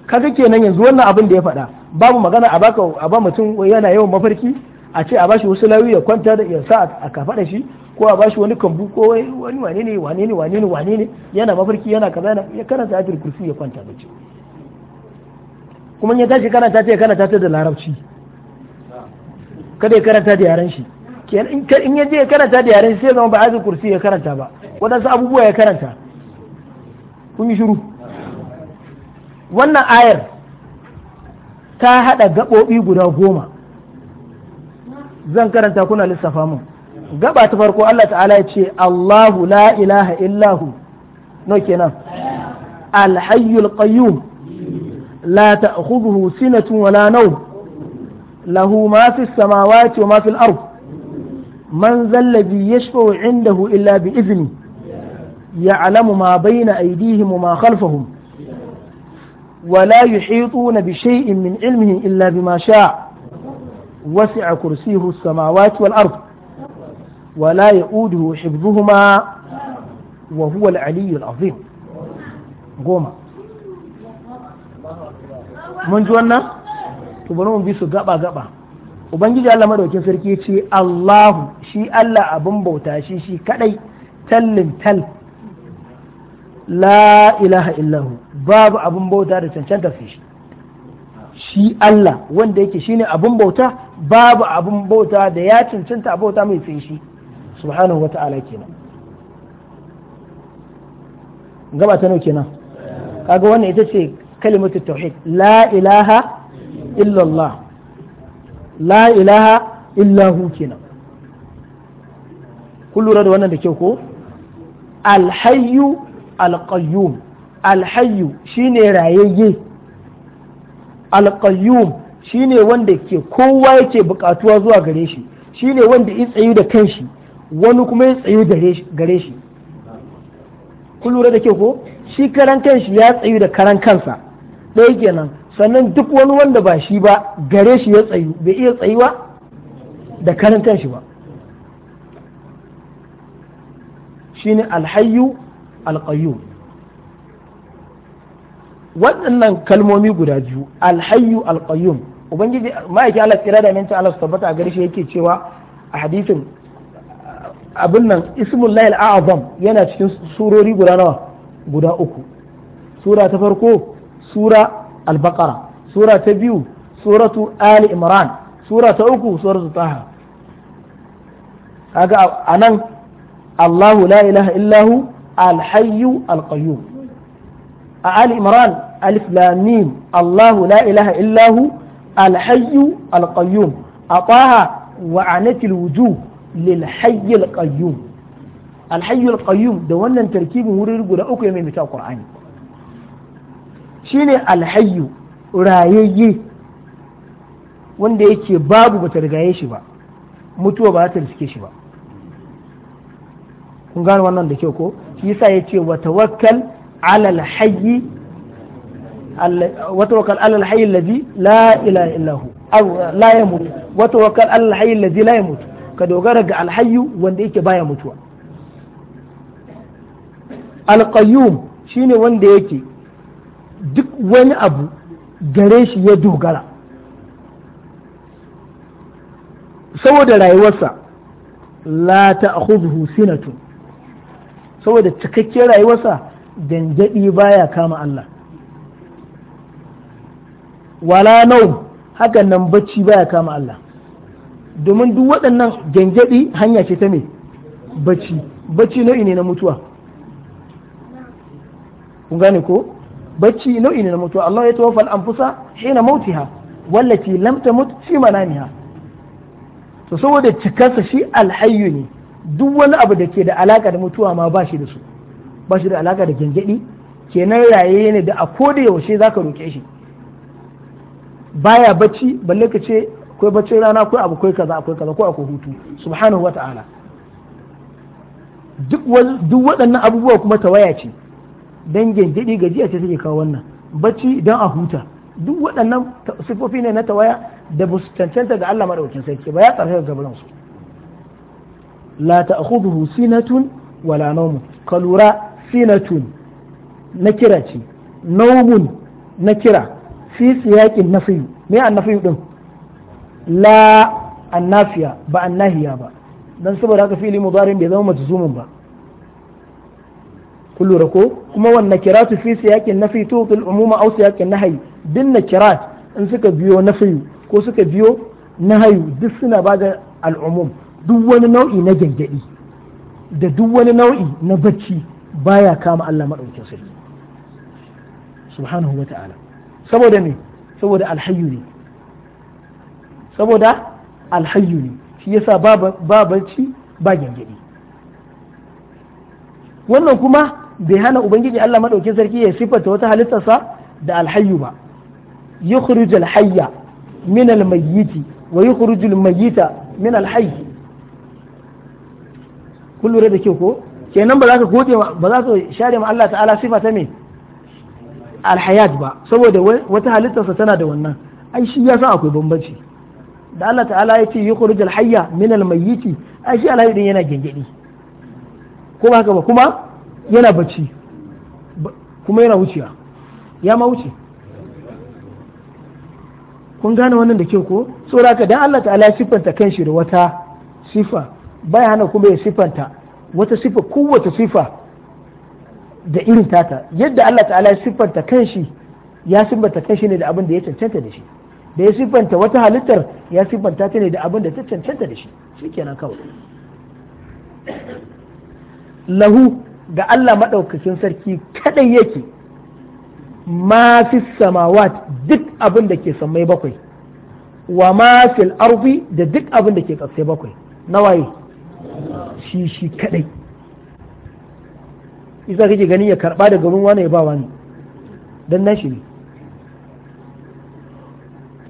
[SPEAKER 1] ka ga kenan yanzu wannan abin da ya faɗa babu magana a baka a ba mutum yana yawan mafarki a ce a bashi wasu lauyi ya kwanta da ya sa a kafaɗa shi ko a bashi wani kambu ko wani wane ne wane ne wane ne wane ne yana mafarki yana kaza yana ya karanta ayatul kursi ya kwanta bacci kuma ya tashi karanta ta ya karanta ta da larabci kada ya karanta da shi in ya je ya karanta da yaren sai zama ba azin kursi ya karanta ba waɗansu abubuwa ya karanta kun yi shiru wannan ayar ta haɗa gaɓoɓi guda goma zan karanta kuna lissafa mun gaba ta farko Allah ta'ala ya ce Allahu la ilaha illahu no kenan alhayyul qayyum la ta'khudhuhu sinatun wala nawm lahu ma fi samawati wa ma fil ard man zallabi yashfa'u indahu illa bi izni ya'lamu ma bayna aydihim wa ma khalfahum ولا يحيطون بشيء من علمه إلا بما شاء وسع كرسيه السماوات والأرض ولا يؤوده حفظهما وهو العلي العظيم goma
[SPEAKER 2] mun ji wannan to
[SPEAKER 1] bari mu bi su gaba gaba ubangiji Allah madaukin sarki ya ce Allahu shi Allah abin bauta shi shi kadai tallin tal la ilaha illahu babu abin bauta da cancanta fi shi shi Allah wanda yake shine abin bauta babu abin bauta da ya cancanta a bauta mai fi shi subhanahu wata'ala kenan gaba ta nau kenan kaga wannan ita ce kalimatu tauhid la ilaha illallah la ilaha illa kenan kun lura da wannan da ke ko alhayyu alqayyum alhayyu shine rayayye alqayyum shine wanda ke kowa yake bukatuwa zuwa gare shi shine wanda ya tsayu da kanshi wani kuma ya tsayu gare shi kun lura da ke ko shi karan kanshi ya tsayu da karan kansa ɗaya kenan sannan duk wani wanda ba shi ba gare shi ya tsayu bai iya tsayuwa da karantar shi ba ne alhayu alqayyum waɗannan kalmomi guda biyu alhayu alqayyum ubangiji ma'aiki ala tsira da minta Allah tabbata a gare shi yake cewa a hadisin abin nan ismullahi al'azam yana cikin surori guda nawa guda uku sura ta farko sura البقرة سورة تبيو سورة آل إمران سورة أوكو سورة طه أنا الله لا إله إلا هو الحي القيوم آل إمران ألف لا ميم الله لا إله إلا هو الحي القيوم أطاها وعنت الوجوه للحي القيوم الحي القيوم دوّن تركيب مرير قول أوكو يمين القرآن shine alhayyu rayayye wanda yake babu bata rigaye shi ba mutuwa ba ta riske shi ba kun gano wannan da kyau ko shi yasa yace wa tawakkal ala alhayyi wa tawakkal ala la ilaha illahu aw la yamut wa tawakkal ala alhayyi la yamut ka dogara ga alhayyu wanda yake baya mutuwa alqayyum shine wanda yake duk wani abu gare shi ya dogara saboda rayuwarsa la ta'khudhu sinatu saboda cikakken rayuwarsa ba baya kama Allah wala nau hakanan nan bacci baya kama Allah domin duk waɗannan gangadi hanya ce ta mai bacci bacci nau'i ne na mutuwa kun gane ko bacci nau'i ne na mutuwa Allah ya tawaffa al-anfusa hina mautiha wallati lam tamut fi manamiha to saboda cikarsa shi alhayyu ne duk wani abu da ke da alaka da mutuwa ma ba shi da su ba shi da alaka da gengedi kenan raye ne da a koda yaushe zaka roke shi baya bacci balle ka ce akwai baccin rana akwai abu akwai kaza akwai kaza ko akwai hutu subhanahu wata'ala duk waɗannan abubuwa kuma tawaya ce dan gengedi gajiya ce take kawo wannan bacci dan a huta duk waɗannan sifofi ne na tawaya da ba su cancanta ga Allah madaukakin sarki ba ya tsarkaka gaban su la ta'khudhuhu sinatun wala kalura sinatun na kira ce naumun na kira fi siyaƙin nafiyu me an din la annafiya ba annahiya ba dan saboda haka fili mudarin bai zama majzumun ba kun lura ko kuma wannan kiratu fi siyakin nafi to fil umuma aw siyakin nahyi din kirat in suka biyo nafi ko suka biyo nahyi duk suna ba bada al'umum duk wani nau'i na gangadi da duk wani nau'i na bacci baya kama Allah madaukakin sarki subhanahu wata'ala saboda me saboda alhayyu ne saboda alhayyu ne shi yasa ba bacci ba gangadi wannan kuma bai hana ubangiji Allah madaukin sarki ya sifata wata halittarsa da alhayyu ba yukhrijul hayya min almayyiti wa yukhrijul mayyita min alhayy kun lura da kyau ko kenan ba za ka gode ba za ka share ma Allah ta'ala sifa ta me alhayat ba saboda wata halittarsa tana da wannan ai shi ya san akwai bambanci da Allah ta'ala ya ce yukhrijul hayya min almayyiti ai shi alhayy din yana gengedi ko ba haka ba kuma yana bacci kuma yana wuciya ya ma wuce kun gane wannan da kyau ko saboda haka dan Allah ta'ala siffanta kanshi da wata sifa baya hana kuma ya siffanta wata sifa kowace sifa da irin tata yadda Allah ta'ala ya siffanta kanshi ya siffanta kanshi ne da abin da ya cancanta da shi da ya siffanta wata halittar ya siffanta ta ne da abin da ta cancanta da shi shikenan kawai lahu ga Allah maɗaukakin sarki kaɗai yake ma samawa samawat duk abin da ke sammai bakwai wa ma fil da duk abin da ke ƙasai bakwai nawaye shi shi kaɗai isa kake gani ya karɓa daga ruwan wani ya ba wani don nan shi ne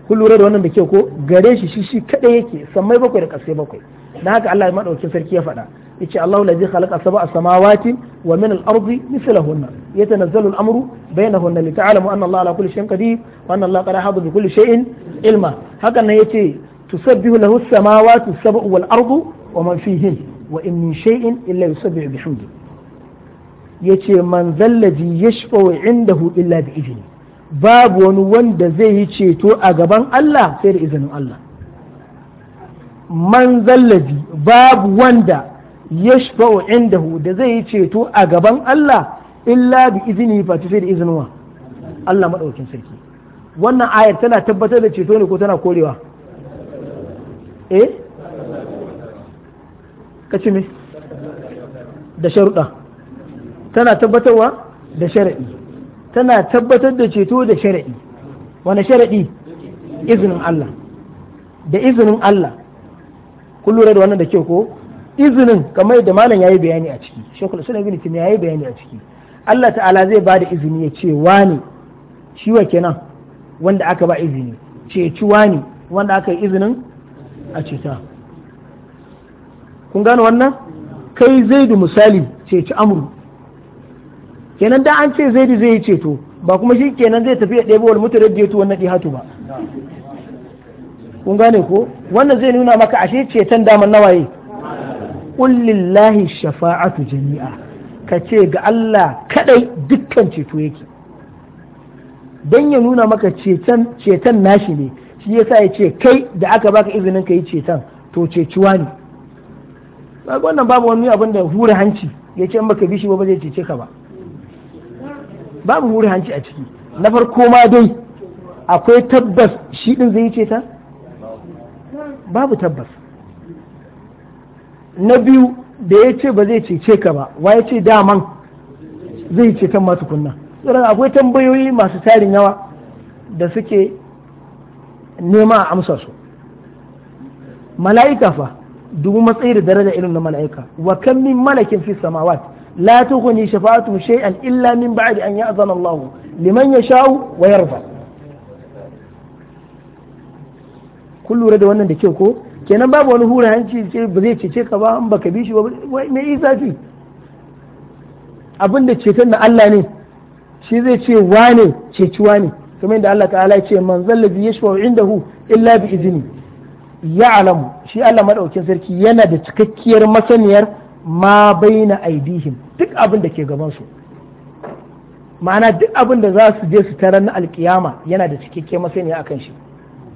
[SPEAKER 1] kun lura da wannan da ke ko gare shi shi shi kaɗai yake sammai bakwai da ƙasai bakwai da haka Allah madaukakin sarki ya faɗa yace Allahu ladzi khalaqa sab'a samawati wa min al-ardi mithlahunna yatanazzalu al-amru bainahunna li ta'lamu anna Allah ala kulli shay'in qadir wa anna Allah qad ahata bi kulli shay'in ilma hakan nan yace tusabbihu lahu as-samawati as-sab'u wal-ardu wa man fihin wa in min shay'in illa yusabbihu bihamdi yace man zallazi yashfa'u indahu illa bi idni babu wani wanda zai yi ceto a gaban Allah sai da izinin Allah man zallabi babu wanda ya shafa'u indahu da zai yi ceto a gaban Allah illa bi izini fati sai da izinuwa Allah maɗaukin sarki wannan ayar tana tabbatar da ceto ne ko tana korewa eh kace me da sharuɗa tana tabbatarwa da shara'i tana tabbatar da ceto da shara'i wani shara'i izinin Allah da izinin Allah kun lura da wannan da kyau ko izinin kamar yadda malam yayi bayani a ciki shekul sunan ibn timiya yayi bayani a ciki Allah ta'ala zai ba da izini ya ce wani shi wa kenan wanda aka ba izini ci wani wanda aka yi izinin a ceta kun gano wannan kai zaidu misali ceci amru kenan da an ce zaidu zai yi ceto ba kuma shi kenan zai tafi ya ɗebo wal mutu radiyatu wannan dihatu ba kun gane ko wannan zai nuna maka ashe ceton daman nawaye kullillahi shafa'atu jami'a ka ce ga Allah kadai dukkan ceto yake dan ya nuna maka ceton ceton nashi ne shi yasa ya ce kai da aka baka izinin ka yi ceton to cecuwa ne wannan babu wani abin da hura hanci ya ce maka baka bi shi ba zai cece ka ba
[SPEAKER 2] babu hura hanci a ciki
[SPEAKER 1] na farko ma dai akwai tabbas shi din zai yi ceton babu tabbas na biyu da ya ce ba zai cece ka ba wa ya ce daman zai ceton masu kunna tsoron akwai tambayoyi masu tarin yawa da suke nema a amsa su mala'ika fa dubu matsayi da daraja irin na mala'ika wa kan min malakin fi samawat la tuhuni shafa'atun shay'an illa min ba'di an ya'zana Allah liman yasha'u wa yarfa kun lura da wannan da kyau ko kenan babu wani hura hanci ce ba zai cece ka ba in baka bi shi ba me isa fi abin da ceton na Allah ne shi zai ce wane ceci wane kamar da Allah ta'ala ya ce man zallabi yashwa indahu illa bi izini ya shi Allah madaukin sarki yana da cikakkiyar masaniyar ma baina aidihim duk abin da ke gaban su ma'ana duk abin da za su je su tarar na alkiyama yana da cikakkiyar masaniya akan shi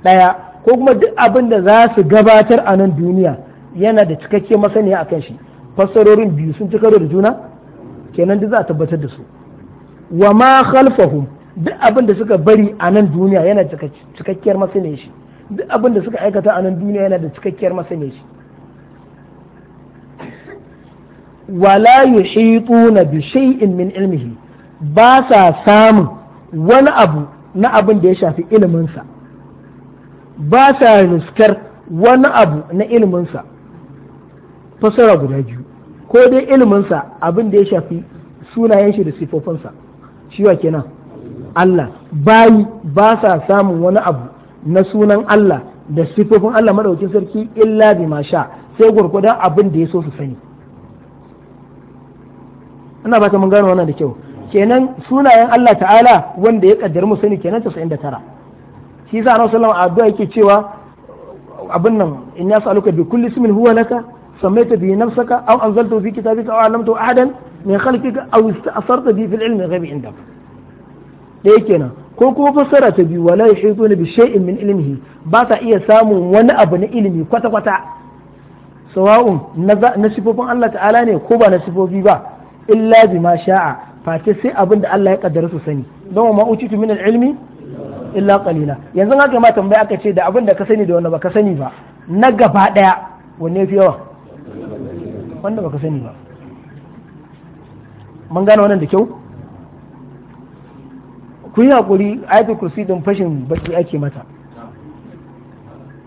[SPEAKER 1] daya ko kuma duk abin da za su gabatar a nan duniya yana da cikakke masaniya a kan shi fassarorin biyu sun ci da juna kenan duk za a tabbatar da su wa ma khalfahum duk abin da suka bari a nan duniya yana da cikakkiyar masaniya shi duk abin da suka aikata a nan duniya yana da cikakkiyar masaniya shi la yuhituna bi shay'in min ilmihi ba sa samun wani abu na abin da ya shafi iliminsa sa ba sa nuskar wani abu na iliminsa fasara guda biyu ko dai iliminsa abin da ya shafi sunayen shi da sifofinsa shi kenan Allah bayi ba sa samun wani abu na sunan Allah da sifofin Allah madaukin sarki illa bi ma sha sai gurgudan abin da ya so su sani ina ba ta mun gano wannan da kyau kenan sunayen Allah ta'ala wanda ya kaddar mu sani kenan 99 shi sa annabi sallallahu alaihi addu'a yake cewa abin nan in ya sa'aluka bi kulli ismin huwa laka sammaita bi nafsaka aw anzalta fi kitabika aw allamta ahadan min khalqika aw ista'sarta bi fil ilmi ghaibi indak da yake nan ko kuma fassara ta biyu wala yahituna bi shay'in min ilmihi ba ta iya samun wani abu na ilimi kwata kwata sawa'un na sifofin Allah ta'ala ne ko ba na sifofi ba illa ma sha'a face sai abin da Allah ya kaddara su sani don wa ma ucitu min al-ilmi illa qalila yanzu haka ma tambaya aka ce da abin da ka sani da wanda baka sani ba na gaba daya wanne fi yawa wanda baka sani ba mun gane wannan da kyau ku yi hakuri ayatul kursi din fashin baki ake mata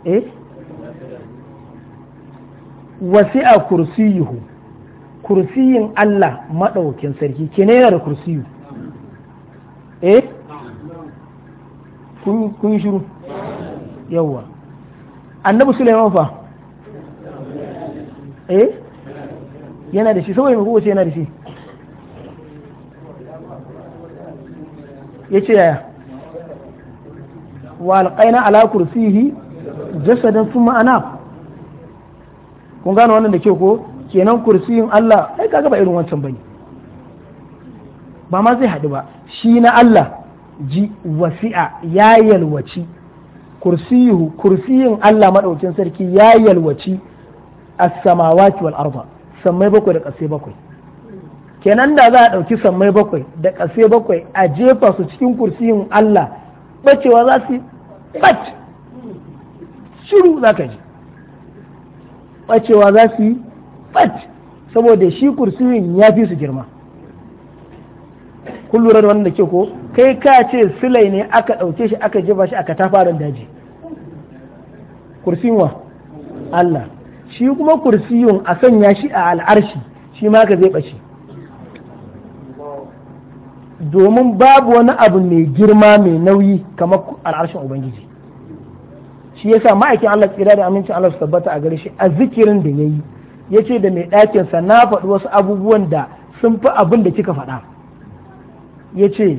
[SPEAKER 1] eh wasi'a kursiyuhu kursiyin Allah madaukin sarki kenan yana da kursiyu eh kun shiru yawwa annabi Sulaiman fa eh yana da shi saboda mai kowace yana da shi yace yaya
[SPEAKER 2] wa alƙaina
[SPEAKER 1] ala kursihi jasadan sun ma'ana kun gane wannan da ke ko kenan kursiyin Allah ai kaga ba irin wancan bane ba ma zai haɗu ba shi na Allah ji wasi'a ya yalwaci kursiyuhu kursiyin Allah madaukin sarki ya yalwaci as-samawati wal arda sammai bakwai da ƙasai bakwai kenan da za a ɗauki sammai bakwai da ƙasai bakwai a jefa su cikin kursiyin Allah bacewa za su bat shiru za ka ji bacewa za su bat saboda shi kursiyin ya fi su girma kun lura da wannan da ke ko kai ka ce silai ne aka ɗauke shi aka jefa shi aka tafarin daji kursiyin wa Allah shi kuma kursiyun a sanya shi a al'arshi shi ma ka zai ɓace domin babu wani abu mai girma mai nauyi kamar al'arshin ubangiji shi yasa ma'aikin Allah tsira da amincin Allah su tabbata a gare shi a zikirin da yayi yace da mai ɗakinsa na faɗi wasu abubuwan da sun fi abin da kika faɗa ya ce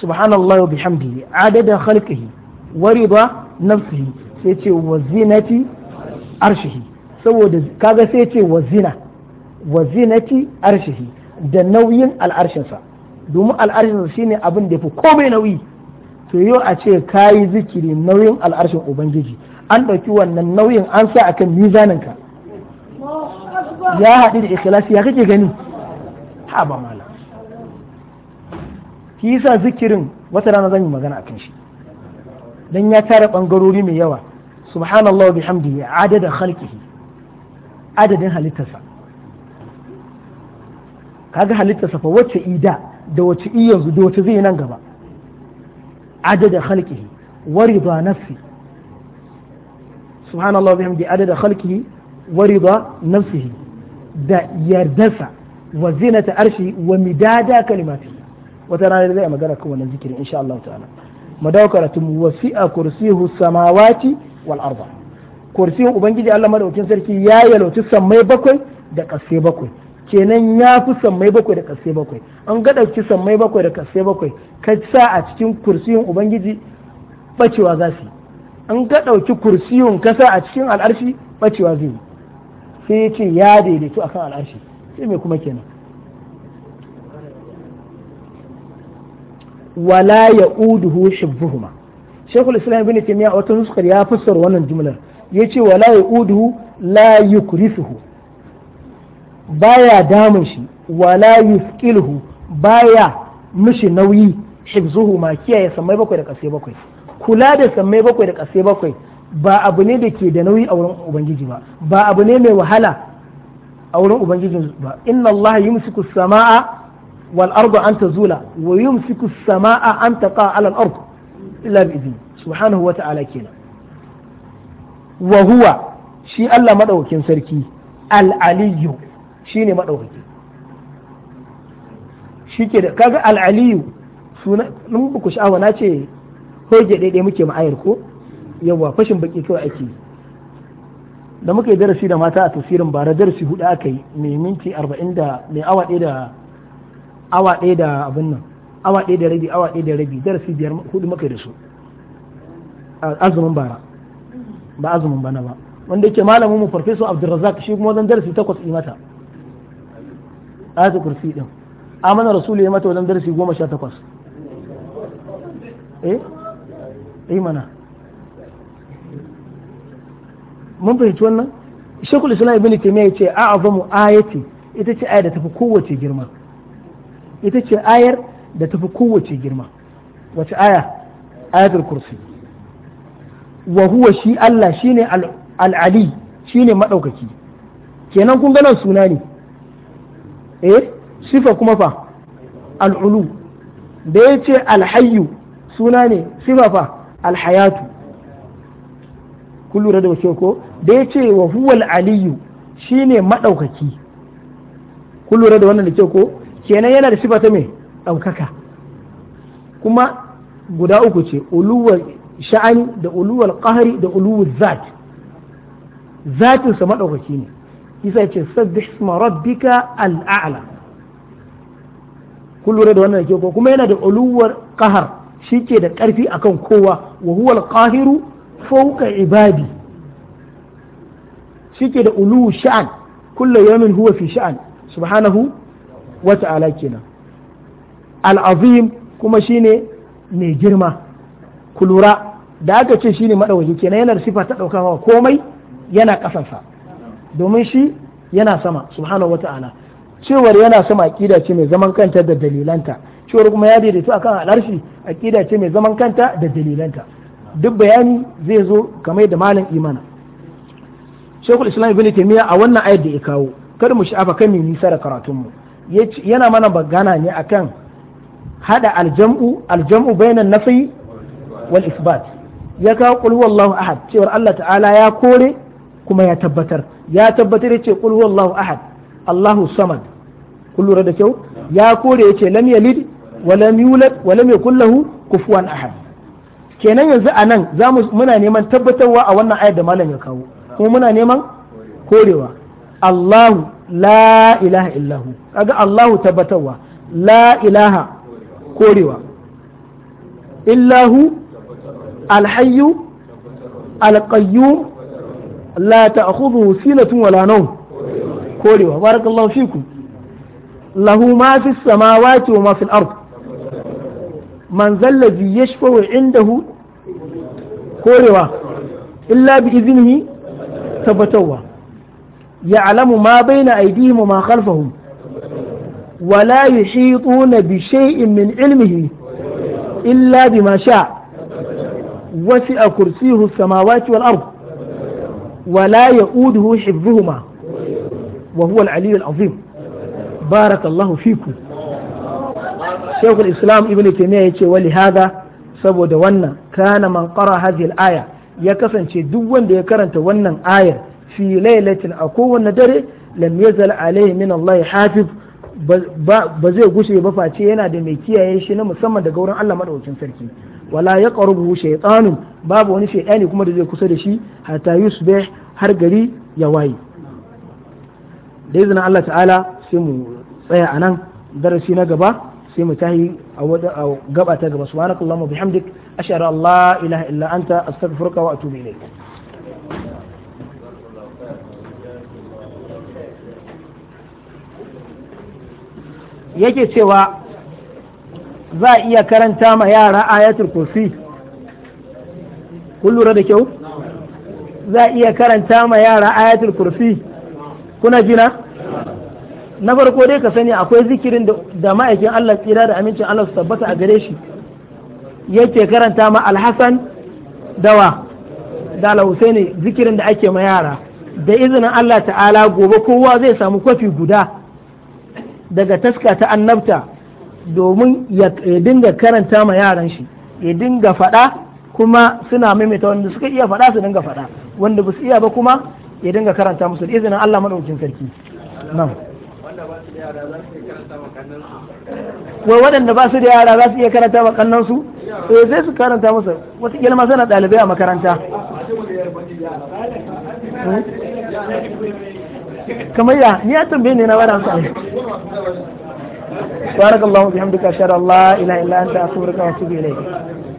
[SPEAKER 1] subhanallah wa bihamdihi adada khalqihi wa riba nafsihi sai ce wa zinati arshihi saboda kaga sai ce wa zina wa zinati arshihi da nauyin al'arshinsa domin al'arshinsa shine abin da yafi komai nauyi to yau a ce kayi zikiri nauyin al'arshin ubangiji an ɗauki wannan nauyin an sa akan mizaninka
[SPEAKER 2] ya haɗu da ikhlasi ya kake gani
[SPEAKER 1] ha ba shi yasa zikirin wata rana zan yi magana akan shi dan ya tara bangarori mai yawa subhanallah wa bihamdihi adada khalqihi adadin halittarsa kaga halittarsa fa wacce ida da wacce i yanzu da wacce zai nan gaba adada khalqihi wa rida nafsi subhanallah wa bihamdihi adada khalqihi wa rida nafsihi da yardarsa wa zinata arshi wa midada kalimatihi wata rana zai magana kan wannan zikirin insha Allah ta'ala mu dawo karatun mu wasi'a kursiyu samawati wal arda kursiyin ubangiji Allah madaukin sarki ya yalauci sammai bakwai da kasse bakwai kenan ya fi sammai bakwai da kasse bakwai an ga ɗauki sammai bakwai da kasse bakwai ka sa a cikin kursiyin ubangiji bacewa za an ga ɗauki kursiyun ka sa a cikin al'arshi bacewa zai sai ya ce ya daidaitu akan al'arshi sai me kuma kenan wala uduhu shibbuhuma shekul islam ibn taymiya wata nuskar ya fassar wannan jumlar yace wala uduhu la yukrifuhu baya damun shi wala yusqiluhu baya mishi nauyi hibzuhu ma kiyaye samai bakwai da kasai bakwai kula da samai bakwai da kasai bakwai ba abu ne da ke da nauyi a wurin ubangiji ba ba abu ne mai wahala a wurin ubangiji ba inna Allah yumsiku samaa wal ardu an tazula wa yumsiku as-samaa an taqa ala al-ard illa bi idni subhanahu wa ta'ala kenan wa shi Allah madaukakin sarki al-aliyyu shine madaukaki shike da kaga al-aliyyu suna mun ku sha'awa na ce hoje daidai muke ma'ayar ko yawa fashin baki kawai ake da muka yi darasi da mata a tasirin bara darasi hudu aka yi mai minti arba'in da mai awa ɗaya da awa ɗaya da abin nan awa ɗaya da rabi awa ɗaya da rabi darasi biyar hudu maka da su azumin bara ba azumin bana ba wanda yake malamin mu farfesa abdulrazak shi kuma wajen darasi takwas yi mata ayatul kursi din amana rasulu ya mata wajen darasi goma sha takwas eh eh mana mun fahimci wannan shekul islam ibn taymiya yace a'azamu ayati ita ce aya da tafi kowace girma ita ce ayar da tafi kowace girma wace aya ayatul kursi wa huwa shi Allah shine al-ali shine madaukaki kenan kun ga nan suna ne eh sifa kuma fa al-ulu da yace al-hayyu suna ne sifa fa al-hayatu kullu da wace ko da yace wa huwa al-aliyu shine madaukaki kullu da wannan da ke ko kenan yana da sifa ta me ɗaukaka kuma guda uku ce uluwar sha'ani da uluwar ƙahari da uluwar zat zatin maɗaukaki ne isa ce sabbih isma rabbika al'a'la kun lura da wannan ke ko kuma yana da uluwar ƙahar shi ke da ƙarfi akan kowa wa huwa al-qahiru fawqa ibadi shi da uluwar sha'an kullu yawmin huwa fi sha'an subhanahu wa ta'ala kenan al'azim kuma shine mai girma ku lura da aka ce shine madawaki kenan yana sifa ta dauka komai yana kasansa domin shi yana sama subhanahu wata'ala cewar yana sama aqida ce mai zaman kanta da dalilanta cewar kuma ya su akan alarshi aqida ce mai zaman kanta da dalilanta duk bayani zai zo kamar da malam imana shekul islam ibn taymiya a wannan ayar da ya kawo kar mu sha'afa kan mu nisa da karatun mu yana mana bagana ne akan hada aljam'u aljam'u bainan nafi wal isbat ya kawo qul huwallahu ahad cewar Allah ta'ala ya kore kuma ya tabbatar ya tabbatar yace qul huwallahu ahad Allahu samad kun lura da kyau ya kore yace lam yalid wa lam yulad wa lam yakul lahu kufuwan ahad kenan yanzu anan zamu muna neman tabbatarwa a wannan ayar da malam ya kawo kuma muna neman korewa Allahu la ilaha illahu kaga Allahu tabbatarwa la ilaha korewa illahu alhayyu alqayyum la ta'khudhuhu sinatun wala nawm korewa barakallahu lahu ma fis samawati wa ma fil ard man zallazi yashfa'u indahu korewa illa bi iznihi tabbatarwa ya'lamu ma baina aydihim wa ma khalfahum wa la yuhituna bi shay'in min ilmihi illa bima sha wasi'a kursiyuhu as-samawati wal ard wa la ya'uduhu hifdhuhuma wa huwa al-'aliyyu al-'azim barakallahu fikum shaykhul islam ibn taymiyyah yace wa li hadha saboda wannan kana man qara hadhihi aya ya kasance duk wanda ya karanta wannan ayar fi laylatin a kowanne dare lam yazal alaihi min Allah hafiz ba zai gushe ba face yana da mai kiyaye shi na musamman daga wurin Allah madaukakin sarki wala ya qarubu shaytanun babu wani shaytani kuma da zai kusa da shi hatta yusbih har gari ya waye da izinin Allah ta'ala sai mu tsaya anan darasi na gaba sai mu tahi a gaba ta gaba subhanakallahumma bihamdik ashhadu an la ilaha illa anta astaghfiruka wa atubu ilayk yake cewa za a iya karanta ma yara ayatul kursi kun lura da kyau za a iya karanta ma yara ayatul kursi kuna jina na farko dai ka sani akwai zikirin da ma'aikin Allah tsira da amincin Allah su tabbata a gare shi yake karanta ma alhassan dawa da alhussaini zikirin da ake ma yara da izinin Allah ta'ala gobe kowa zai samu kwafi guda daga taska ta annabta domin ya dinga karanta ma yaran shi ya dinga faɗa kuma suna maimaita wanda suka iya faɗa su dinga faɗa wanda ba su iya ba kuma ya dinga karanta musu da izinin Allah madaukakin sarki nan
[SPEAKER 2] wai waɗanda ba su da yara za su iya karanta
[SPEAKER 1] ma kannansu eh sai su karanta musu wata ma suna ɗalibai a makaranta
[SPEAKER 2] kamar ya ni ya tambaye ne na bada amsa ne barakallahu bihamdika
[SPEAKER 1] ashhadu Allah ila ila illa anta astaghfiruka wa atubu